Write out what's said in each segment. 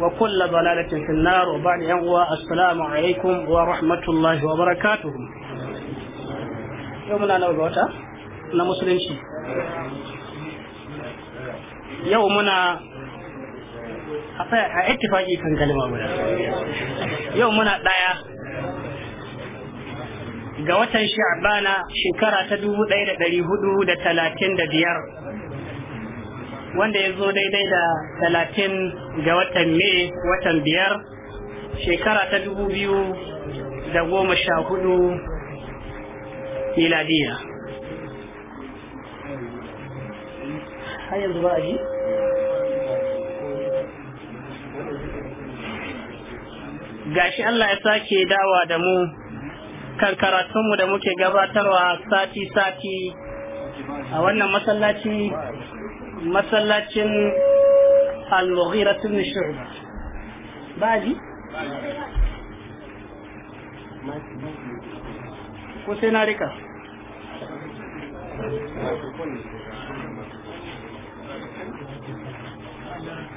وكل ضلالة في النار وبعد أنواع السلام عليكم ورحمة الله وبركاته يومنا نوبوتا na musulunci yau muna a ittifaki kan kalma guda yau muna ɗaya ga watan sha'bana shekara ta dubu ɗaya da ɗari hudu da talatin da biyar wanda ya zo daidai da talatin ga watan Me, watan biyar shekara ta dubu biyu da goma sha hudu miladiya Allah ya sake dawa da mu kan karatunmu da muke gabatarwa sati-sati a wannan masallaci masallacin al-mughira ibn shu'ba baji ko sai na rika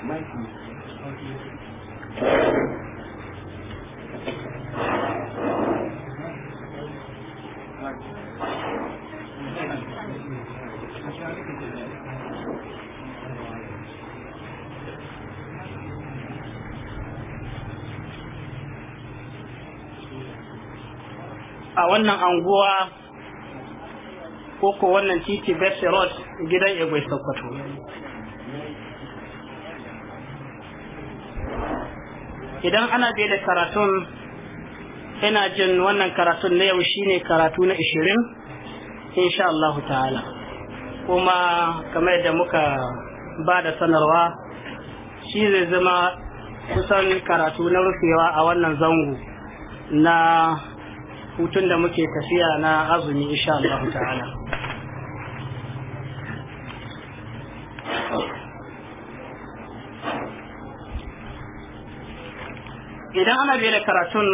Thank you. a wannan anguwa ko ko wannan titi Bessie Road gidan Egwai Sokoto idan ana bai da karatun ina jin wannan karatun na yau shine karatu na 20 insha Allah ta'ala kuma kamar da muka ba da sanarwa shi zai zama kusan karatu na rufewa a wannan zango na hutun da muke tafiya na azumi insha Allah ta'ala idan ana biye da karatun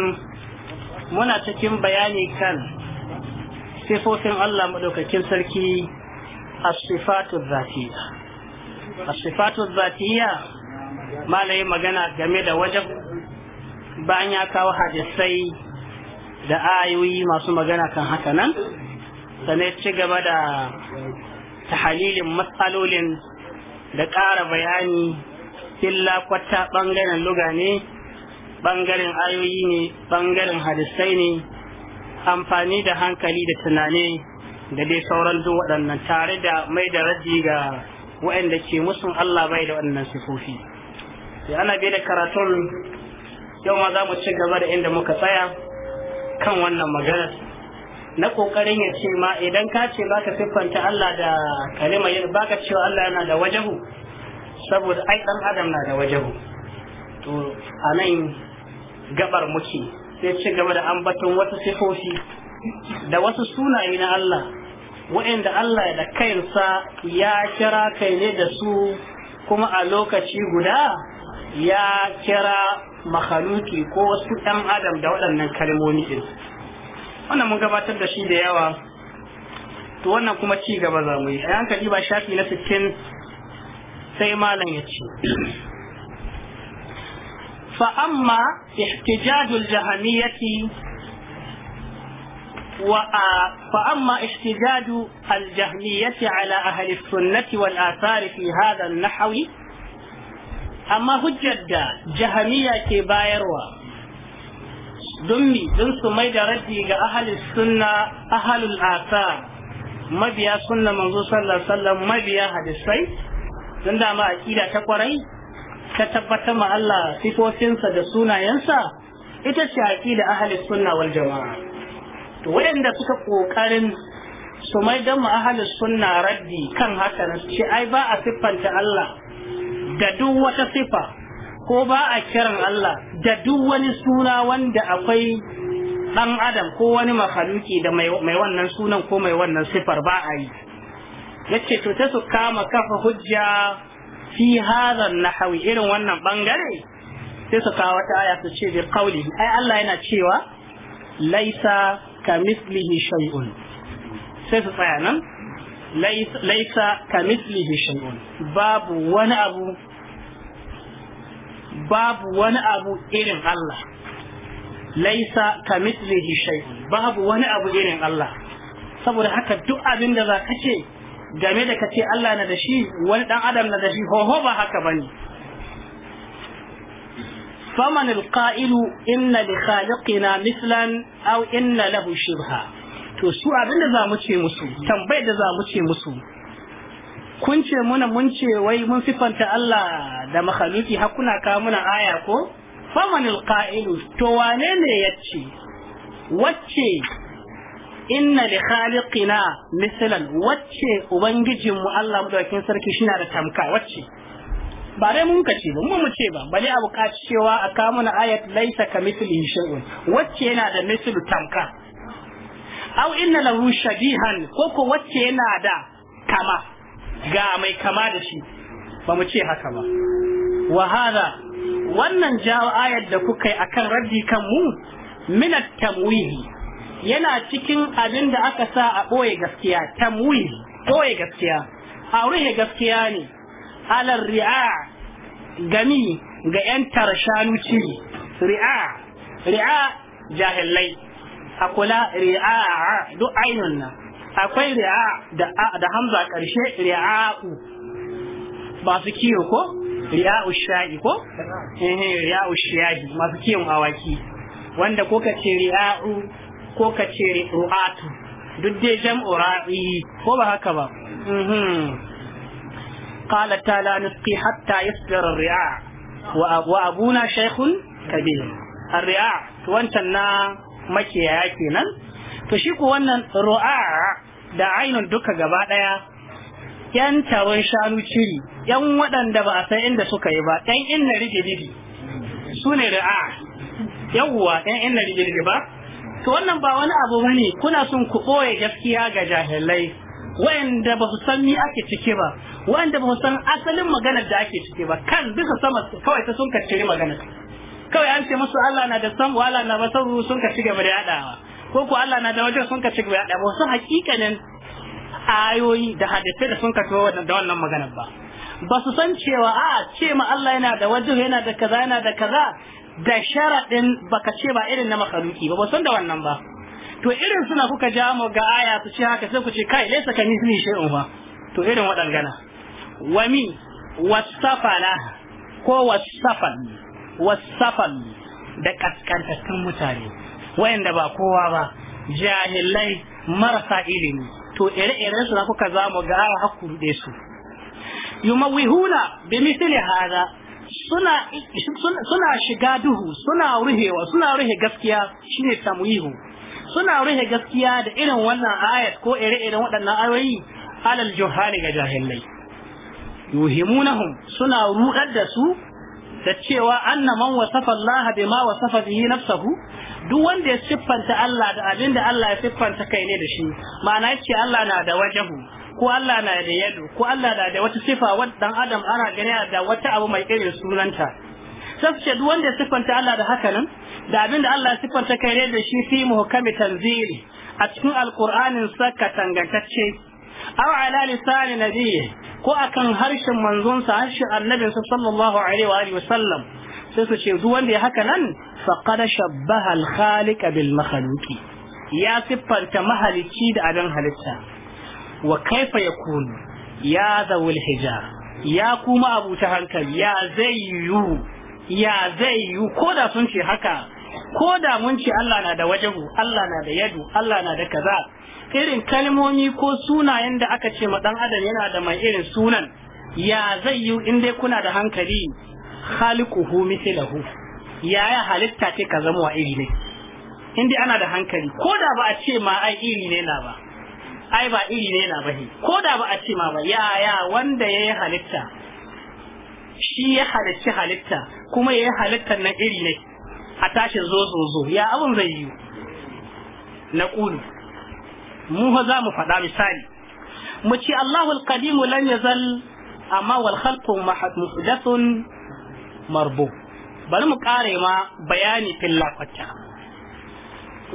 muna cikin bayani kan sifofin Allah maɗaukakin sarki a sifatu zafiya a sifatu magana game da wajen bayan ya kawo hadisai da ayoyi masu magana kan haka nan sannan ci gaba da tahalilin matsalolin da ƙara bayani illa kwata ɓangaren luga ne ɓangaren ayoyi ne ɓangaren hadisai ne amfani da hankali da tunani da dai sauran duk waɗannan tare da mai da raji ga waɗanda ke musun Allah bai da waɗannan sifofi ya ana bai da karatun yau ma za mu ci gaba da inda muka tsaya kan wannan maganar na kokarin ya ce ma idan ka ce ka siffanta Allah da kalima yin baka cewa Allah yana da wajahu saboda ai dan adam na da wajahu to a nan gabar muke sai ci gaba da ambaton wasu sifofi da wasu sunaye na Allah waɗanda Allah da kansa ya kira kai ne da su kuma a lokaci guda ya kira makhaluki ko wasu ɗan adam da waɗannan kalmomi ɗin wannan mun gabatar da shi da yawa to wannan kuma ci gaba za mu yi a yanka ba shafi na sittin sai malam ya ce فأما احتجاج الجهمية فأما احتجاج الجهمية على أهل السنة والآثار في هذا النحو amma hujjar da jahamiya ke bayarwa don mi don su mai da raddi ga ahalin sunna ahalin asa, mabiya sunna manzo sallallahu alaihi mabiya hadisai don da ma aqida ta kwarai ta tabbatar ma Allah sifofinsa da sunayensa ita ce aqida ahalin sunna wal jama'a to waɗanda suka ƙoƙarin su mai da mu ahalin sunna raddi kan haka ce ai ba a siffanta Allah da duk wata sifa ko ba a kiran Allah da duk wani suna wanda akwai ɗan adam ko wani makaluki da mai wannan sunan ko mai wannan sifar ba a yi yace to ta su kama kafa hujja fi hadha nahwi irin wannan bangare sai su kawo wata aya su ce bi qawli ai Allah yana cewa laisa kamislihi shay'un sai su tsaya nan laisa kamislihi shay'un babu wani abu babu wani abu irin Allah laisa ka mislihi shai babu wani abu irin Allah saboda haka duk abin da zaka ce game da kace Allah na da shi wani dan adam na da shi ho ba haka bane faman alqa'il inna li khaliqina mislan aw inna lahu shibha to su abin da mu ce musu tambayar da mu ce musu kun ce muna mun ce wai mun sifanta Allah da makhaluki har kuna kawo muna aya ko famanil qa'ilu to wane ne yace wacce inna li khaliqina mislan wacce ubangijin mu Allah mudaukin sarki shi na da tamka wacce ba dai mun kace ba mun mu ce ba bale abu ka cewa a kawo muna ayat laysa kamithlihi shay'un wacce yana da mislu tamka aw inna lahu shabihan ko ko wacce yana da kama ga mai kama da shi ba mu ce haka ba wa wannan jawo ayar da kuka yi kan raddi kan mu minat tamwihi yana cikin abin da aka sa a ɓoye gaskiya tamwihi ɓoye gaskiya a ruhe gaskiya ne alar ri'a gami ga 'yan shanu ci ri'a ri'a jahillai a kula ri'a duk ainihin nan akwai ri'a da da hamza karshe ri'a'u masu kiyo ko ri'a'u sha'i ko eh ri'a'u sha'i masu kiyon awaki wanda ko ka ce ri'a'u ko ka ce ru'atu duk dai jam'u ra'i ko ba haka ba قال تعالى نسقي حتى يصدر الرعاع وأبونا شيخ كبير الرعاع wancan na makiyaya kenan to shi ku wannan ru'a da ainihin duka gaba ɗaya yan taron shanu ciri yan waɗanda ba a san inda suka yi ba yan inna rige su ne da yawwa yan inna rige ba to wannan ba wani abu bane kuna son ku ɓoye gaskiya ga jahilai wa'anda ba su san ni ake ciki ba wa'anda ba su san asalin maganar da ake ciki ba kan bisa sama kawai ta sun kacciri maganar kawai an ce musu Allah na da san wala na basaru sun ka gaba da yadawa ko ko Allah na da wajen sun ka ci gaba da wasu hakikanin ayoyi da hadisi da sun ka to da wannan magana ba ba su san cewa a ce ma Allah yana da wajen yana da kaza yana da kaza da sharadin baka ce ba irin na makaruki ba ba san da wannan ba to irin suna kuka ja mu ga aya su ce haka sai ku ce kai laisa ka misli shay'un ba to irin waɗangana wami wasafala ko wasafal wasafal da kaskantattun mutane wayanda ba kowa ba jahilai marasa ilimi to ire-iren su kuka za mu ga hakku da su yumawihuna bi misli hada suna suna shiga duhu suna ruhewa suna ruhe gaskiya shine tamwihu suna ruhe gaskiya da irin wannan ayat ko ire-iren waɗannan ayoyi alal juhari ga jahilai yuhimunahum suna ruɗar da su da cewa anna man wasafa Allah bima wasafa bihi nafsuhu duk wanda ya siffanta Allah da abin da Allah ya siffanta kai ne da shi ma'ana ce Allah na da wajahu ko Allah na da yadu ko Allah na da wata sifa wadda dan adam ana gani da wata abu mai irin sunanta sabce duk wanda ya siffanta Allah da haka nan da abin da Allah ya siffanta kai ne da shi fi muhkami tanzili a cikin alqur'anin saka tangantacce aw ala lisani nabiyyi ko akan harshen manzonsa harshen annabinsa sallallahu alaihi wa sallam sai su ce duk wanda ya haka nan faqad shabbahal al bil makhluqi ya siffanta mahalicci da abin halitta wa kaifa yakunu ya zawul hijar ya kuma abuta hankali ya zai yu ya zai yu ko da sun ce haka ko da mun ce Allah na da wajahu Allah na da yadu Allah na da kaza irin kalmomi ko sunayen da aka ce ma dan adam yana da mai irin sunan ya zai yi in dai kuna da hankali khaliquhu mithlahu yaya halitta ce ka zama wa iri ne inda ana da hankali ko da ba a ce ma ai iri ne na ba ai ba iri ne na ba ko da ba a ce ma ba yaya wanda ya yi halitta shi ya halicci halitta kuma ya yi halitta na iri ne a tashin zo zo zo ya abin zai yi na ƙuni mu ha za mu faɗa misali mu ce Allahu al-qadimu lam yazal amma wal khalqu muhdathun marbu bari mu kare ma bayani filla kwata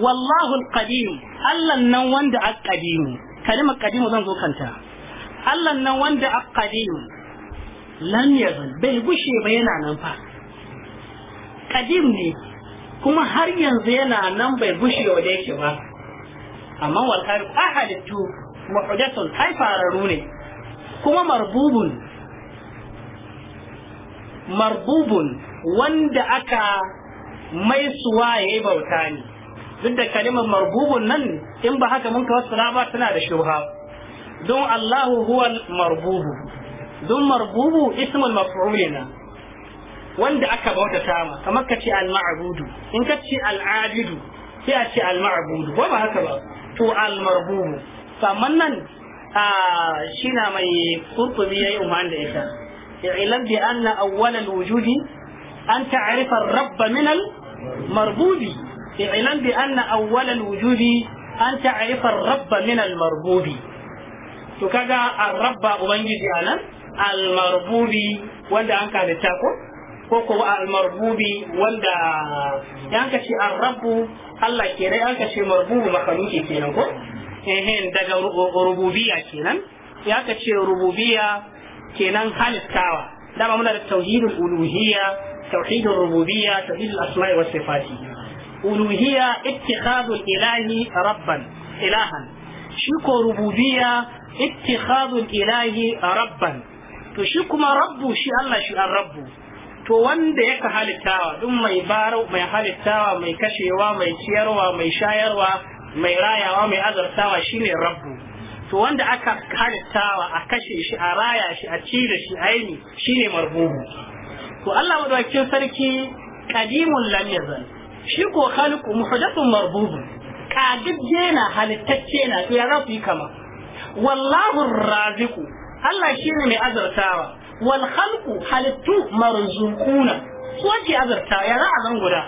wallahu alqadim Allah nan wanda aqdim kalimar qadim zan zo kanta Allah nan wanda aqdim lam yazal bai gushe ba yana nan fa qadim ne kuma har yanzu yana nan bai gushe wa da yake ba amma wal khair ahadatu muhdathun haifararru ne kuma marbubun marbubun wanda aka mai suwa ya yi bauta ne duk da kalimar marbubun nan in ba haka mun tawassula ba tana da shuha. don Allahu huwa marbubu don marbubu ismul maf'ulina wanda aka bautata ma kamar kace al-ma'budu in kace al-abidu sai a ce al-ma'budu ba ba haka ba to al-marbubu saman nan shi na mai kurkumi yayi umman da ita ilan bi anna awwal al-wujudi أن تعرف الرب من المربوب اعلم بأن أول الوجود أن تعرف الرب من المربوب تكاغا الرب أبنجي أنا المربوب ولا أنك لتاكو koko al-marbubi wanda yan ka ce ar-rabbu Allah ke rai an ka ce marbubu makaluki kenan ko daga rububiyya kenan ya ka ce kenan halittawa dama muna da tauhidul uluhiyya توحيد الربوبية توحيد الأسماء والصفات ألوهية اتخاذ الإله ربا إلها شكو ربوبية اتخاذ الإله ربا تشكما رب شي الله شي الرب to wanda yaka halittawa duk mai baro mai halittawa mai kashewa mai ciyarwa mai shayarwa mai rayawa mai azartawa shine rabbu to wanda aka halittawa a kashe shi a raya shi a ci shi aini shine marbubu to Allah madaukakin sarki qadimun lam yazal shi ko khaliqu muhdathun marbubun kadidde na halittacce na to ya za yi kama wallahu raziqu Allah shine mai azartawa wal khalqu halittu marzuquna su ake azarta ya za a zan guda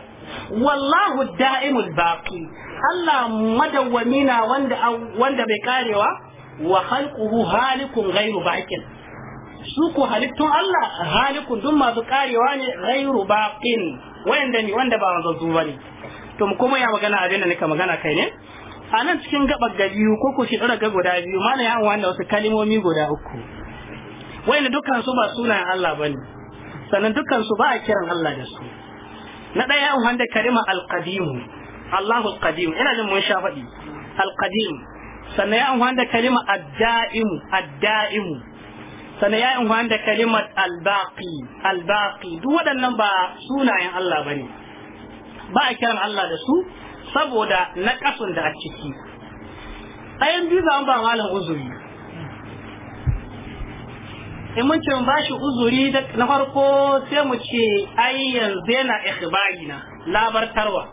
wallahu da'imul baqi Allah madawwamina wanda wanda bai karewa wa khalquhu halikun ghairu baqin su ko halittun Allah halikun duk masu karewa ne ghairu baqin wanda ni wanda ba wanzu bane to kuma ya magana abin da nika magana kai ne a nan cikin gabar ga biyu ko ko shi daga ga guda biyu mana ya wanda wasu kalimomi guda uku wanda dukkan su ba sunayen Allah bane sannan dukkan su ba a kiran Allah da su na daya wanda kalima al-qadim Allahu al-qadim ina jin mun sha faɗi al-qadim sannan ya wanda kalima ad-da'im ad-da'im sannan ya amfani da kalimar albaqi albaqi duk waɗannan ba sunayen Allah bane ba a kiran Allah da su saboda na ƙasun da a ciki ayan biyu za ba malam uzuri in mun ce mun ba shi uzuri na farko sai mu ce ai yanzu yana ikhbari na labartarwa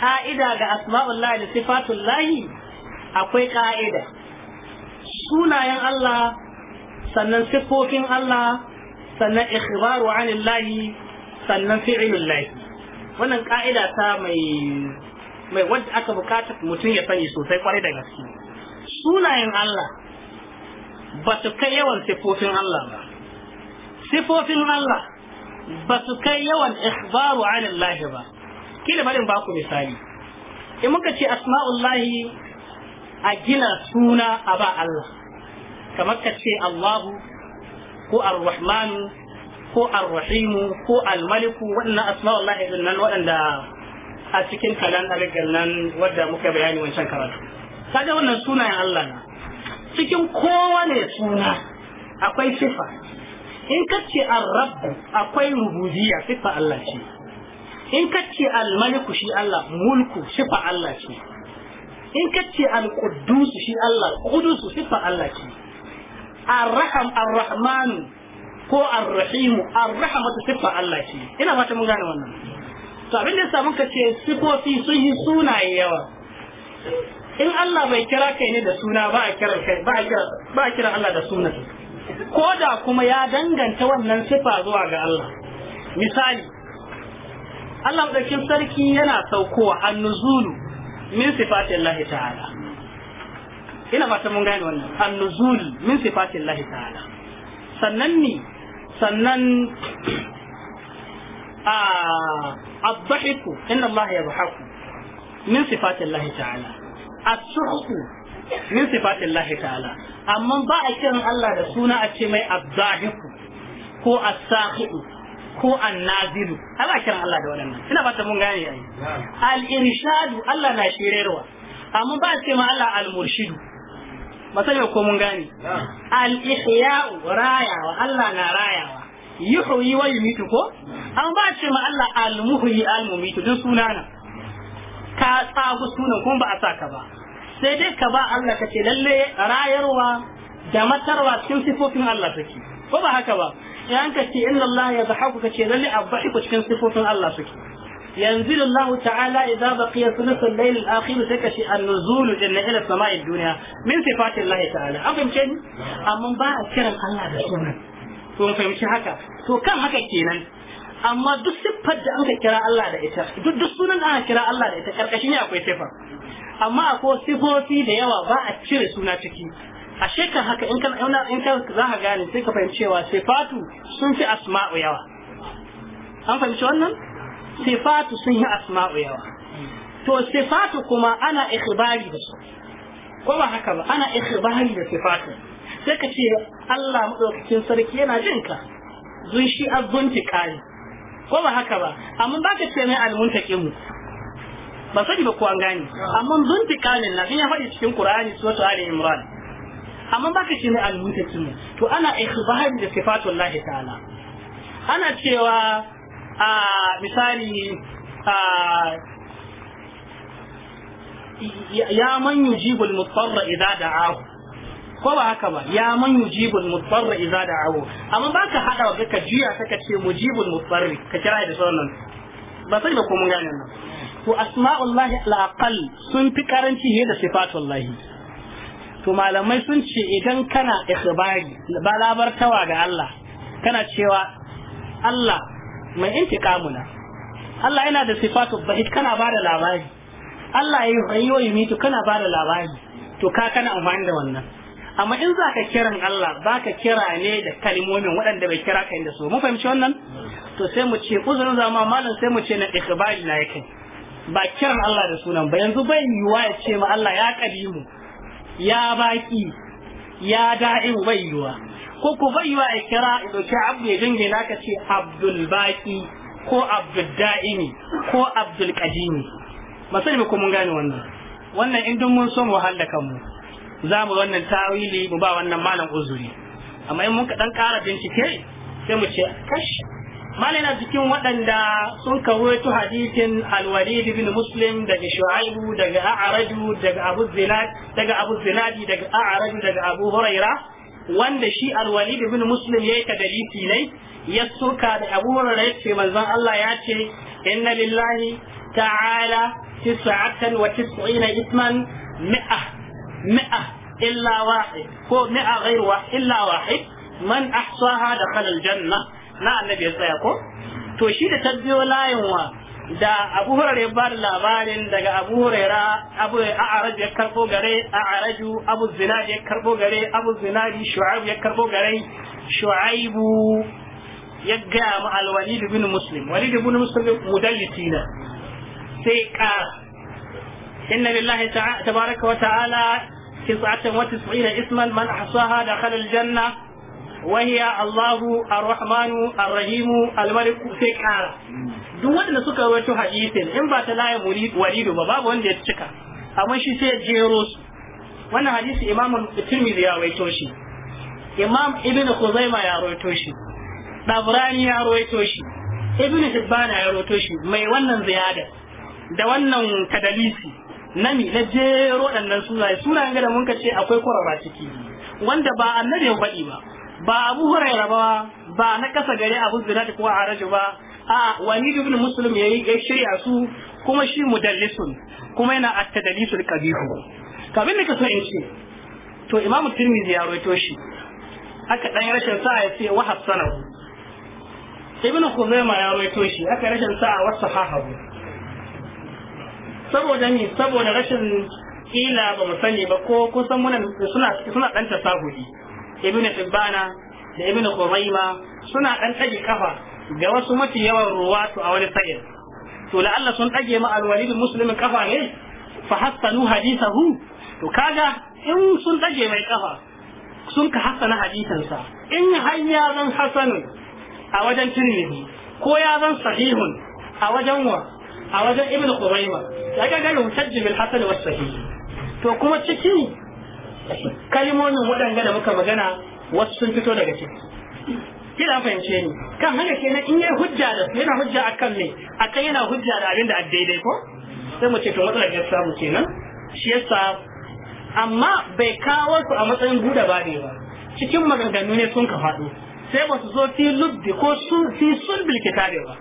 ka'ida ga asma'ullahi da sifatullahi akwai ka'ida sunayen Allah sannan siffofin Allah sannan ikhbaru anillahi sannan fi'ilullahi wannan ka'ida ta mai mai wanda aka bukata mutum ya sani sosai kwarai da gaske sunayen Allah ba su kai yawan siffofin Allah ba siffofin Allah ba su kai yawan ikhbaru anillahi ba kila barin baku misali in muka ce asma'ullahi a gina suna a ba Allah kamar ka ce Allahu ko ar rahman ko ar rahim ko Al-Maliku waɗannan asma'ul lahi nan wadanda a cikin kalan aligar nan wadda muka bayani wancan karatu kaga wannan sunayen Allah na cikin kowane suna akwai sifa in ka ce Ar-Rabb akwai rububiyya sifa Allah ce in ka ce al malik shi Allah mulku sifa Allah ce in ka ce Al-Quddus shi Allah Quddus sifa Allah ce arraham arrahman ko arrahimu arrahamatu sifa Allah ce ina fata mun gane wannan to abin da yasa muka ce sifofi sun yi sunaye yawa in Allah bai kira kai ne da suna ba a kira kai ba a kira ba a kira Allah da suna ko da kuma ya danganta wannan sifa zuwa ga Allah misali Allah madaukin sarki yana saukowa annuzulu min sifatin Allah ta'ala ina fata mun gane wannan an-nuzul min sifatillahi ta'ala sannan ni sannan a abdahiku inna Allah yadhaku min sifatillahi ta'ala as-suhku min sifatillahi ta'ala amma ba a kiran Allah da suna a ce mai abdahiku ko as-sahiku ko annazilu ana kiran Allah da waɗannan ina fata mun gane ai al-irshadu Allah na shirarwa amma ba a ce ma Allah al-murshidu ba sai ko mun gane al ihya'u rayawa Allah na rayawa yuhyi wa yumitu ko an ba ce ma Allah al muhyi al mumitu duk sunana ka tsago sunan kuma ba a saka ba sai dai ka ba Allah ka ce lalle rayarwa da matarwa cikin sifofin Allah take ko ba haka ba in ka ce inna Allah ya zahaku ka ce lalle abbahiku cikin sifofin Allah suke ينزل الله تعالى إذا بقي ثلث الليل الآخر تكشي النزول جنة إلى السماء الدنيا من صفات الله تعالى أفهم شيء أما باع كرم الله بسونا kun fahimci haka to kan haka kenan amma duk siffar da aka kira Allah da ita duk sunan da aka kira Allah da ita karkashin akwai sifa amma akwai sifofi da yawa ba cire suna ciki ashe kan haka in kan za ka gane sai ka fahimci sifatu sun fi asma'u yawa an fahimci wannan sifatu sun yi asma'u yawa to sifatu kuma ana ikhbari da su ko ba haka ba ana ikhbari da sifatu sai ka ce Allah madaukakin sarki yana jin ka zun shi azzunti kai ko ba haka ba amma ba ka ce mai mu. ba sani ba ko an gane amma zunti kanin na ya faɗi cikin Qur'ani suratu Ali Imran amma ba ka ce mai mu. to ana ikhbari da sifatu Allah ta'ala ana cewa a misali ya man yujibul mutarra idza da'ahu ko ba haka ba ya man yujibul mutarra idza da'ahu amma ka hada wa ka juya ka ce mujibul mutarri ka kira da sunan ba sai ba ko mun gane nan to asma'ullahi al aqal sun fi karanci ne da sifatullahi to malamai sun ce idan kana ikhbari balabar tawa ga Allah kana cewa Allah mai intiqamuna Allah yana da sifatu bahid kana ba da labari Allah ya yi wa yumitu kana bada labari to ka kana amfani da wannan amma in za ka kiran Allah ba ka kira ne da kalmomin waɗanda bai kira ka da su mun fahimci wannan to sai mu ce uzurin zama malam sai mu ce na ikhbari na yake ba kiran Allah da sunan ba yanzu bai yiwuwa ya ce ma Allah ya kadimu ya baki ya da'i bai yiwuwa ko ku bai wa ikira in dauki abu ya jingina ka ce abdul baki ko abdul ko abdul qadimi ba ko mun gane wannan wannan in mun so mu hallaka mu za mu wannan tawili mu ba wannan malam uzuri amma in mun dan kara bincike sai mu ce kash malam na cikin waɗanda sun kawaito hadithin alwalid ibn muslim daga shu'aibu daga a'raju daga abu daga abu zinadi daga a'raju daga abu hurairah wanda shi alwalid bin muslim yayi dari filai ya suka da abu hurairah ce manzon Allah ya ce inna lillahi ta'ala tis'atan wa tis'ina isman mi'a mi'a illa wahid ko mi'a ghairu illa wahid man ahsaha dakhala aljanna na annabi ya tsaya ko to shi da tabbiyo layin wa da abu hurare ba bada labarin daga abu hurera abu a'araj ya karbo gare a'araju abu zinadi ya karbo gare abu zinadi shu'aib ya karbo gare shu'aibu ya gaya ma al-walid ibn muslim walid ibn muslim mudallisina sai kara inna lillahi tabaraka wa ta'ala 99 isman man ahsaha dakhala al-janna wahiya Allahu Ar-Rahmanu ar rahimu Al-Malik sai kara duk wanda suka rawaito hadisin in ba ta laye walidu ba babu wanda ya cika amma shi sai jero su wannan hadisi Imam Tirmidhi ya rawaito shi Imam Ibn Khuzaimah ya rawaito shi Dabrani ya rawaito shi Ibn Hibban ya rawaito shi mai wannan ziyada da wannan kadalisi nami na jero dannan sunaye sunayen ga da mun ce akwai kwarara ciki wanda ba annabi ya faɗi ba ba abu huraira ba ba na kasa gare abu zinati ko Raju ba a wani ibn muslim ya yi shirya su kuma shi mudallisun kuma yana at-tadlisul kabihu kabin da ka so in ce to imamu tirmidhi ya rawaito shi aka dan rashin sa'a ya ce wa hasanahu ibn khuzaima ya rawaito shi aka rashin sa'a wa sahahu saboda ni saboda rashin ila ba mu sani ba ko kusan muna suna suna dan tasahudi ibnu hibbana da ibnu qurayma suna dan tage kafa ga wasu mafi yawan ruwatu a wani sa'in to Allah sun ɗage ma al-walid muslim kafa ne fa hassanu hadithahu to kaga in sun tage mai kafa sun ka hassana hadisansa in har ya zan hasanun a wajen tirmidhi ko ya zan sahihun a wajen wa a wajen ibnu qurayma ya ga ga mutajjim hasan wa sahih to kuma ciki Kalimomin waɗanga da muka magana wasu sun fito daga ciki kina fahimce ni kan haka kenan in yayi hujja da yana hujja akan me akan yana hujja da abin da a daidai ko sai mu ce to matsalar ya samu kenan shi yasa amma bai kawo su a matsayin buɗe bade ba cikin maganganu ne sun ka faɗo sai ba su zo fi lubbi ko fi sulbil kitabe ba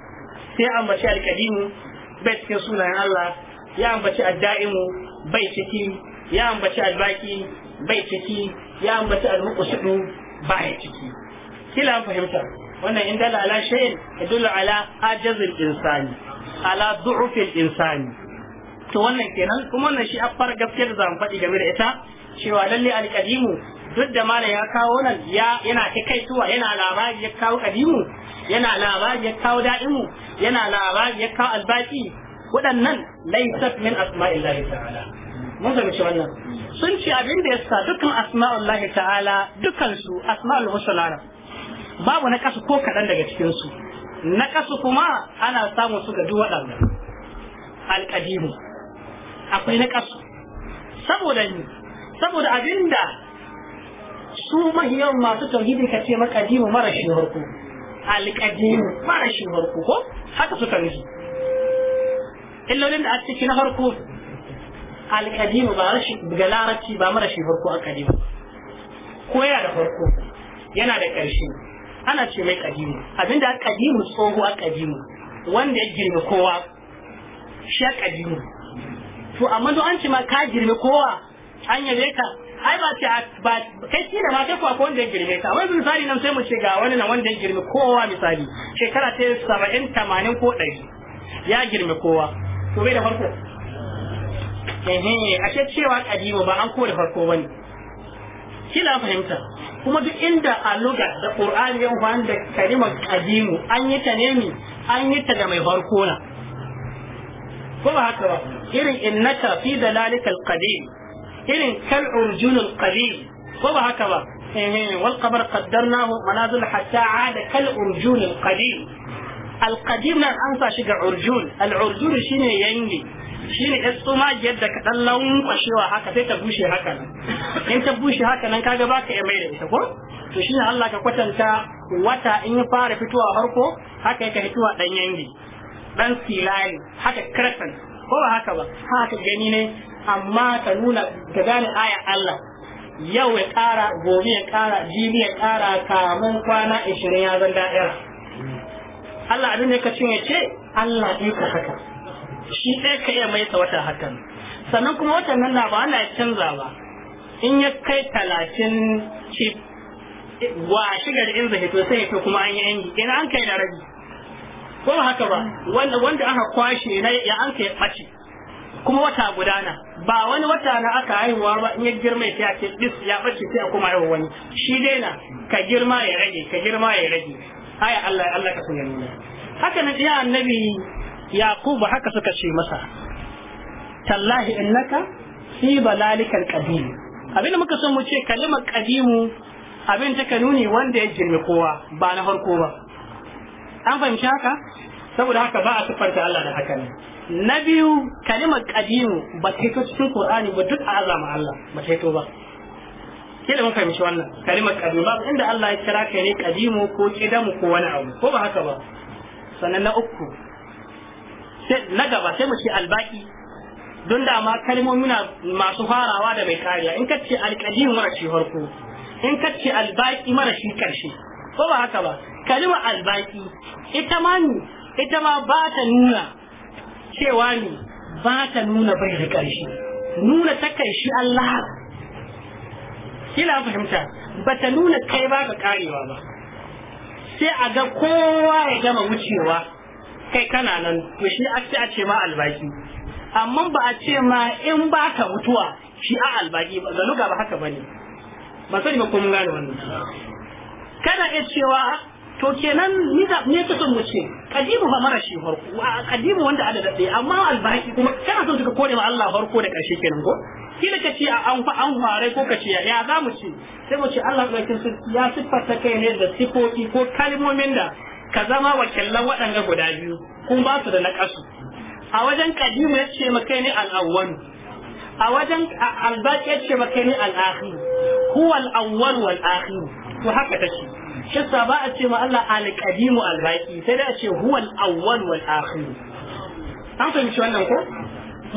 sai ambaci alkadimu bai cikin sunayen Allah ya ambaci adda'imu bai ciki. ya ambaci albaki bai ciki ya ambaci ba ya ciki kila an fahimta wannan in dala ala shay'in yadullu ala ajazil insani ala du'fil insani to wannan kenan kuma wannan shi afar gaskiyar da zamu faɗi game da ita cewa lalle alqadimu duk da mala ya kawo nan ya yana ta kai tuwa yana labari ya kawo kadimu yana labari ya kawo da'imu yana labari ya kawo albaki waɗannan laysat min asma'illahi ta'ala mun fahimci wannan sun ce abin da ya sa dukkan asma'ullah ta'ala dukkan su asma'ul husna babu na kasu ko kadan daga cikin su na kasu kuma ana samun su ga duk waɗanda alƙadimu akwai na kasu saboda ni saboda abinda su mahiyan masu tauhidi ka ce makadimu mara shi harko alƙadimu mara shi ko haka suka nufi illolin da a ciki na harko alkadimu ba rashi ga larabci ba mara shi farko alkadimu ko yana da farko yana da ƙarshe ana ce mai kadimu abinda alkadimu tsoho alkadimu wanda ya girma kowa shi alkadimu to amma don an ce ma ka girma kowa an yabe ka ai ba ce ba kai shi da ma kai kuwa wanda ya girme ka wani misali nan sai mu ce ga wani nan wanda ya girme kowa misali shekara ta saba'in tamanin ko ɗari ya girme kowa to bai da farko ehe ashe cewa kadimu ba an kore farko bane kila fahimta kuma duk inda a lugar da qur'ani ya wanda kalimar kadimu an yi ta ne mi an yi ta da mai farko na ko ba haka ba irin innaka fi dalalikal qadim irin kal urjunul qadim ko ba haka ba eh wal qabr qaddarnahu manazil hatta ada kal urjunul qadim al qadim nan an sa shi ga urjun al urjun shine yangi shine ya tsoma yadda ka dan lankwashewa haka sai ta bushe haka nan in ta bushe haka nan kaga baka ya mai da ita ko to shine Allah ka kwatanta wata in ya fara fitowa farko haka yake fitowa ɗan yangi Ɗan silayi haka crescent ko ba haka ba haka gani ne amma ka nuna ka gane aya Allah yau ya kara gobe ya kara jibi ya kara kamun kwana ishirin ya zan da'ira Allah abin da ka cin ya ce Allah ya haka shi ɗaya ka iya maisa wata hakan sannan kuma watan nan na ba ana canza ba in ya kai talatin ci wa shigar in zai hito sai hito kuma an yi yanki ina an kai da rabi ko ba haka ba wanda wanda aka kwashe na ya an kai ɓace kuma wata gudana ba wani wata na aka haihuwa ba in ya girma ya ce bis ya ɓace sai a kuma haihuwa wani shi dai na ka girma ya rage ka girma ya rage haya Allah Allah ka kunya nuna haka na iya annabi yaqub haka suka ce masa tallahi innaka fi balalikal qadim abinda muka so mu ce kalimar qadimu abin ta nuni wanda ya jirmi kowa ba na farko ba an fahimci haka saboda haka ba a siffanta Allah da haka ne na biyu kalimar qadimu ba ta fito cikin qur'ani ba duk a azama Allah ba ta fito ba ke da mun fahimci wannan kalimar qadimu ba inda Allah ya kira ka ne qadimu ko kidamu ko wani abu ko ba haka ba sannan na uku Sai na gaba sai mu ce albaki don da ma kalmomi na masu farawa da mai kariya in ka ce alƙadim mara shi harko in ka ce albaki mara shi karshe ko ba haka ba kalmar albaki ita ma ni ita ma ba ta nuna cewa ni ba ta nuna bai da karshe nuna ta kai Allah kila fahimta ba ta nuna kai ba ka karewa ba sai a ga kowa ya gama wucewa kai kana nan to shi a ce a ce ma albaki amma ba a ce ma in ba ka mutuwa shi a albaki ba zaluga ba haka bane ba sani ba kuma gane wannan kana iya cewa to kenan ni da ne ta son wuce kadimu ba mara shi farko kadimu wanda ada dai amma albaki kuma kana son ka kore ma Allah farko da karshe kenan ko da ka ce an fa an fare ko ka ce ya za mu ce sai mu ce Allah ya siffarta kai ne da sifofi ko kalmomin da ka zama wakilan waɗanda guda biyu kun ba su da naƙasu a wajen kadimu ya ce maka ni al'awwal a wajen albaki ya ce maka ne al'akhir huwa al'awwal wal akhir to haka take shi sa ba a ce ma Allah al-qadimu al sai dai a ce huwa al wal akhir an fahimci wannan ko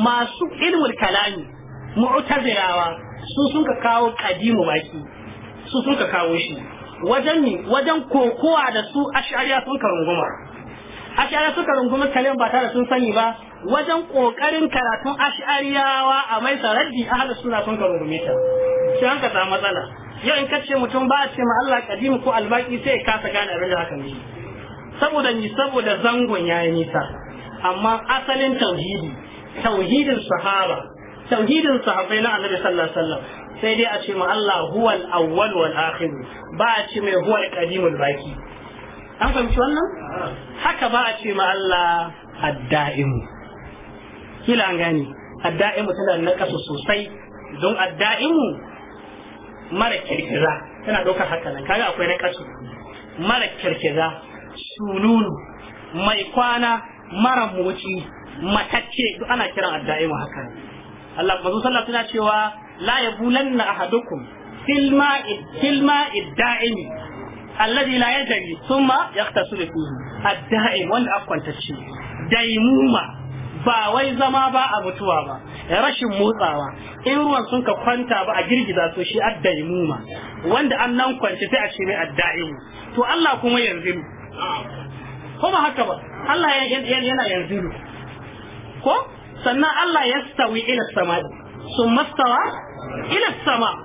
masu ilmul kalami mu'tazilawa su sun ka kawo qadimu baki su sun ka kawo shi wajen ni wajen kokowa da su ashariya sun karunguma ashariya sun karunguma kalim ba tare sun sani ba wajen kokarin karatun ashariyawa a mai saraddi ahlus sunna sun karungume ta sai an ka matsala yau in kace mutum ba a ce ma Allah kadimu ko albaki sai ya kasa gane abin da haka ne saboda ni saboda zangon yayin nisa amma asalin tauhidi tauhidin sahaba tauhidin sahabbai na annabi sallallahu alaihi wasallam sai dai a ce ma Allah huwal awwal wal akhir ba a ce mai huwal qadimul baki an fahimci wannan haka ba a ce ma Allah adda'im kila an gane adda'im tana da nakasu sosai don adda'im mara kirkiza tana daukar haka nan kaga akwai nakasu mara kirkiza sululu mai kwana mara moci matacce duk ana kiran adda'im haka Allah mazu sallallahu alaihi cewa la yabulanna ahadukum fil ma'i fil ma'i da'imi alladhi la yajri thumma yaqtasiru fihi ad-da'im wanda akwantacce daimuma ba wai zama ba a mutuwa ba rashin motsawa in ruwan sun ka kwanta ba a girgiza su shi addaimuma wanda an nan kwance sai a ce mai addaimu to Allah kuma yanzu ko ba haka ba Allah yana yanzu ko sannan Allah ya stawi ila samadi ثم استوى إلى السماء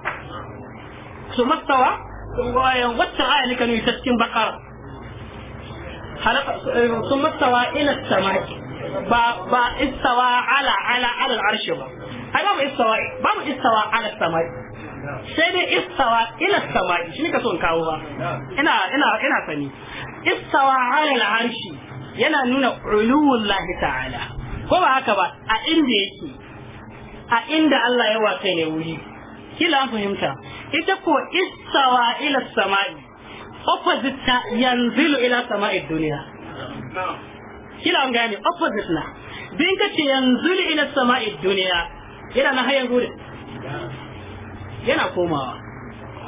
ثم استوى والسماء اللي كانوا بقرة ثم استوى إلى السماء استوى على على على العرش با أنا استوى بام استوى على السماء sai استوى إلى السماء شنو كسون ka son أنا أنا ina ina ina sani istawa ala al'arshi yana nuna uluwullahi ta'ala ko ba a inda Allah ya wasa ne wuri kila an fahimta ita ko istawa ila sama'i opposite ta yanzilu ila sama'i duniya kila an gane opposite na bin ka ce yanzilu ila sama'i duniya yana na hayan gure yana komawa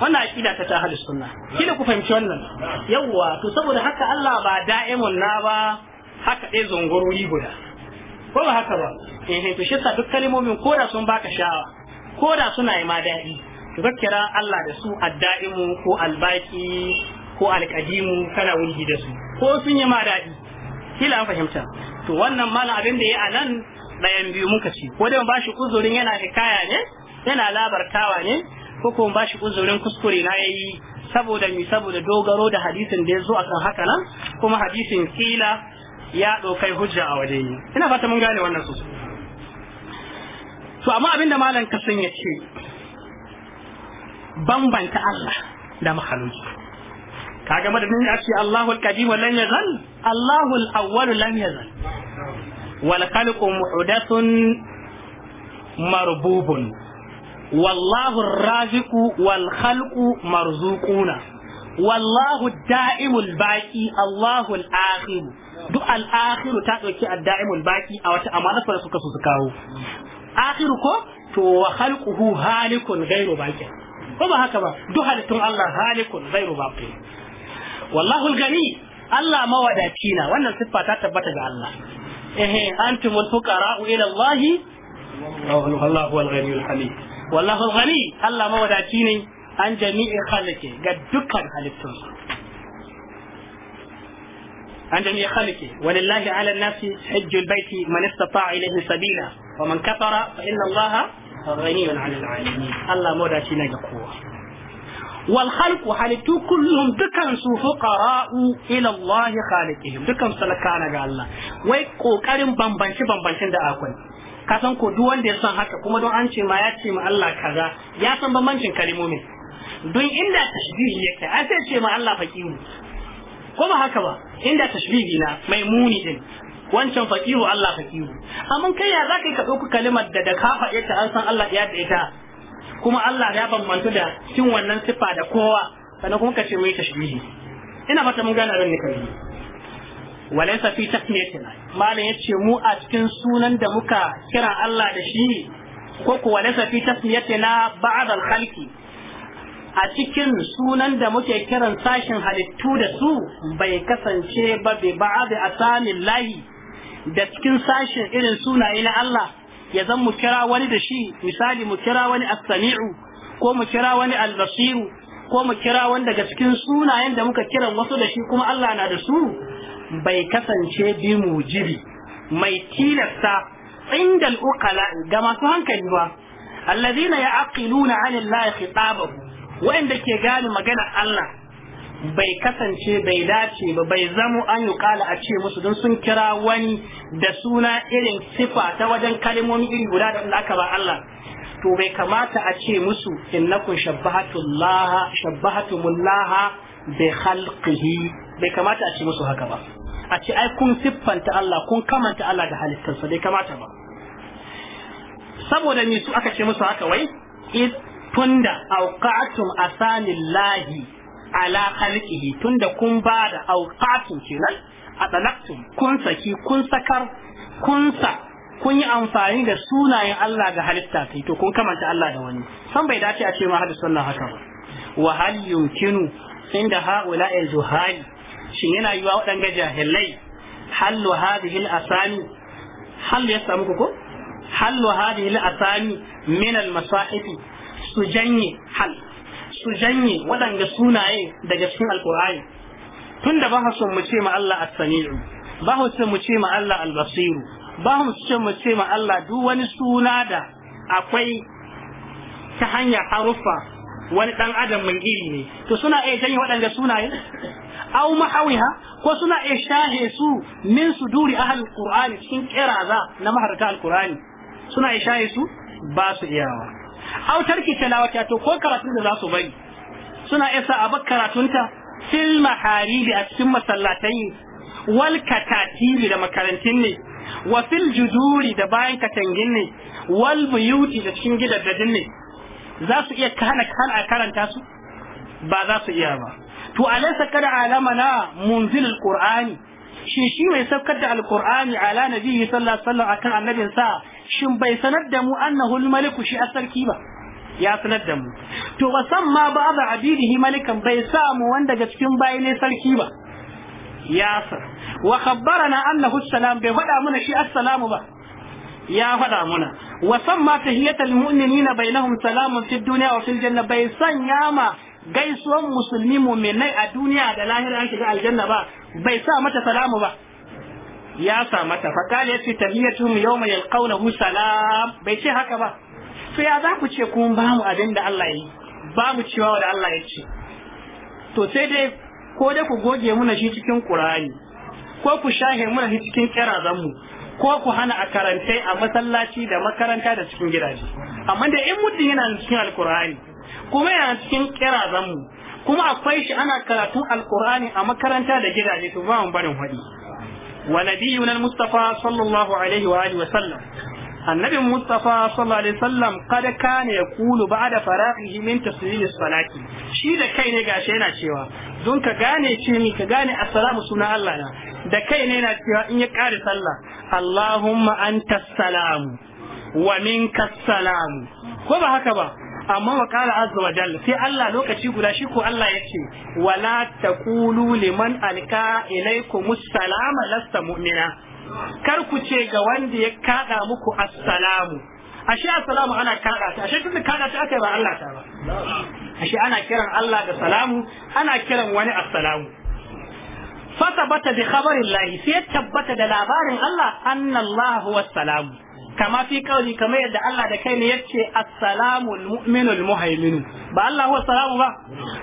wannan aqida ta ta halis sunna kila ku fahimci wannan yawwa to saboda haka Allah ba da'imun na ba haka dai zungururi guda ko ba haka ba Eh, eh to shi sa duk kalmomin ko sun baka sha'awa ko suna yi ma daɗi to ka kira Allah da su adda'imu ko albaki ko alqadimu kana wulhi da su ko sun yi ma daɗi kila an fahimta to wannan malam abin da ya anan nan ɗayan biyu muka ci ko dai ba shi uzurin yana hikaya ne yana labartawa ne ko kuma ba uzurin kuskure na yayi saboda mi saboda dogaro da hadisin da ya zo akan haka nan kuma hadisin kila ya ɗaukai hujja a waje ina fata mun gane wannan sosai to amma abinda malam kasan ya ce bambanta Allah da mahaluki kaga madadin a ce Allahu al-qadim wa lam yazal Allahu al-awwal lam yazal wal khalqu muhdathun marbubun wallahu ar-raziqu wal khalqu marzuquna والله الدائم الباقي الله الآخر duk al'akhiru ta ɗauki adda'imul baki a wata amana da suka su kawo akhiruko to wa khalquhu halikun ghayru baqin ko ba haka ba duk halittun Allah halikun ghayru baqin wallahu al gani Allah mawadaci na wannan siffa ta tabbata ga Allah eh al-fuqara ila Allah wallahu al-ghani al-hamid wallahu al-ghani Allah mawadaci ne an jami'i khalqi ga dukkan halittun عندما جميع ولله على الناس حج البيت من استطاع إليه سبيلا wa man kafara fa inna Allah ghaniyun 'anil 'alamin Allah modaci ne ga kowa wal halitu kulluhum dukan su fuqara'u ila Allah ga Allah wai ƙoƙarin bambanci bambancin da akwai ka san ko duk wanda ya san haka kuma don an ce ma ya ce ma Allah kaza ya san bambancin kalimomin don inda tashbihi yake ai sai ce ma Allah faqiru ko ba haka ba inda tashbihi na mai muni din wancan faqihu Allah faqihu amma kai ya zaka ka dauki kalimar da da ka faɗe ta an san Allah ya da ita kuma Allah ya bambanta da cin wannan sifa da kowa sannan kuma ka ce mai tashbihi ina fata mun gane abin ne kai walaysa fi tasmiyatina malan yace mu a cikin sunan da muka kira Allah da shi ko kuwa laysa fi tasmiyatina ba'd al-khalqi a cikin sunan da muke kiran sashin halittu da su bai kasance ba bai ba'a a asamin lahi da cikin sashen irin sunaye na Allah ya zan mu kira wani da shi misali mu kira wani as-sami'u ko mu kira wani al-basiru ko mu kira wani daga cikin sunayen da muka kiran wasu da shi kuma Allah na da su bai kasance bi mujibi mai tilasta inda al-uqala ga masu hankali ba allazina ya'qiluna 'ala Allah khitabahu wa'anda ke gane magana Allah bai kasance bai dace ba bai zamo an yi kala a ce musu don sun kira wani da suna irin sifa ta wajen kalimomi iri guda da aka ba Allah to bai kamata a ce musu innakum shabbahatullah shabbahatumullah bi bai kamata a ce musu haka ba a ce ai kun siffanta Allah kun kamanta Allah da halittarsa bai kamata ba saboda ni su aka ce musu haka wai tunda auqatum asanillahi ala khalqihi tunda kun ba da auqatun kenan atalaqtum kun saki kun sakar kun sa kun yi amfani da sunayen Allah ga halitta kai to kun kamanta Allah da wani san bai dace a ce ma hadis sunna haka ba wa hal yumkinu inda haula al juhali shin yana yiwa waɗanga jahilai hallu hadhihi al asani hal ya samu ko hallu hadhihi al asani min al masahifi su janye hal su janye waɗanda sunaye daga cikin Alƙur'ani tun da ba su mu ce ma Allah as-sami'u ba mu ce ma Allah al-basiru ba mu ce ma Allah duk wani suna da akwai ta hanya harufa wani dan adam mun iri ne to suna iya janye waɗanda sunaye aw mahawiha ko suna iya shahe su min suduri ahli alqur'ani cikin kiraza na maharka alqur'ani suna iya shahe su ba su iyawa au tarki tilawata to ko karatun da za su bari suna isa a bar ta. fil maharibi a cikin masallatai wal katatibi da makarantun ne wa fil juduri da bayan katangin ne wal buyuti da cikin gidaddadin ne za su iya kana a karanta su ba za su iya ba to alaysa kada alama na munzil alqur'ani shi shi mai saukar da alqur'ani ala nabi sallallahu alaihi wasallam akan annabinsa shin bai sanar da mu annahul maliku shi sarki ba ya sanar da mu to ba san ma ba da abidihi malikan bai samu wanda daga cikin bayi ne sarki ba ya sa wa khabbarana annahu salam bai fada mana shi assalamu ba ya faɗa muna wa san ma tahiyatul mu'minina bainahum salamun fid dunya wa fil janna bai sanya ma gaisuwan musulmi mu'minai a duniya da lahira an shiga aljanna ba bai sa mata salamu ba ya sa mata fa kale yace tabiyatuhum yawma yalqawnahu salam bai ce haka ba to ya za ku ce kun ba mu abin da Allah yi ba mu cewa da Allah ya ce to sai dai ko da ku goge muna shi cikin Qur'ani ko ku shahe muna shi cikin kirazan mu ko ku hana a karantai a masallaci da makaranta da cikin gidaje amma da in mutum yana cikin alkur'ani kuma yana cikin kirazan mu kuma akwai shi ana karatun alkur'ani a makaranta da gidaje to ba mu barin hadisi wa nabiyuna mustafa sallallahu alaihi wa alihi wa sallam annabi mustafa sallallahu alaihi wasallam kad kana yaqulu ba'da farahihi min taslimis salati shi da kai ne gashe yana cewa don ka gane ce ni ka gane assalamu suna Allah na da kai ne yana cewa in ya kare sallah Allahumma anta salamu wa minka salamu ko ba haka ba amma wa qala azza wa jalla sai Allah lokaci guda shi ko Allah yake wala taqulu liman alka ilaykumus salama lasta mu'mina kar ku ce ga wanda ya kada muku assalamu ashe assalamu ana kada ta ashe tunda kada ta aka ba Allah ta ba ashe ana kiran Allah da salamu ana kiran wani assalamu fa tabata bi khabari Allah sai tabbata da labarin Allah annallahu Allah salamu kama fi kauli kamar yadda Allah da kaina ne yace assalamu almuminu muhaimin ba Allah huwa salamu ba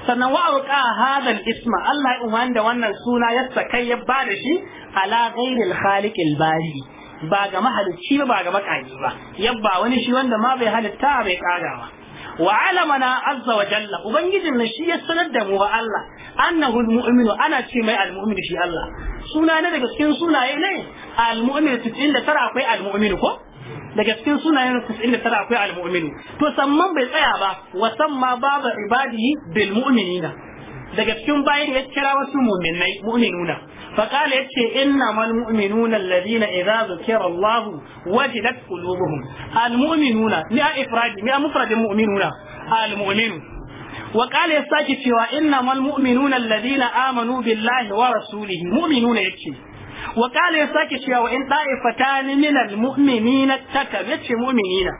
sannan wa alqa hadal isma Allah ya umarni da wannan suna ya kai ya ba da shi ala ghairil khaliqil bari ba ga mahalicci ba ga makaji ba yabba wani shi wanda ma bai halitta bai karawa wa alamana azza wa jalla ubangijin na shi ya sanar da mu wa Allah annahu almu'minu ana ce mai almu'minu shi Allah suna ne daga cikin sunaye ne almu'minu 99 akwai almu'minu ko daga cikin sunayen 99 akwai al to samman bai tsaya ba wasan ma babu ibadi bil mu'minina daga cikin bayan ya kira wasu mu'minai mu'minuna fa qala yace innamal mu'minuna alladhina idza zukira Allah wajilat qulubuhum al-mu'minuna ni a ifradi ni a mufradin mu'minuna al-mu'minu وقال يستاكي cewa innamal mu'minuna alladhina amanu billahi wa rasulihi mu'minuna yace wa qala ya sake cewa in da'ifatan min almu'minina takabace mu'minina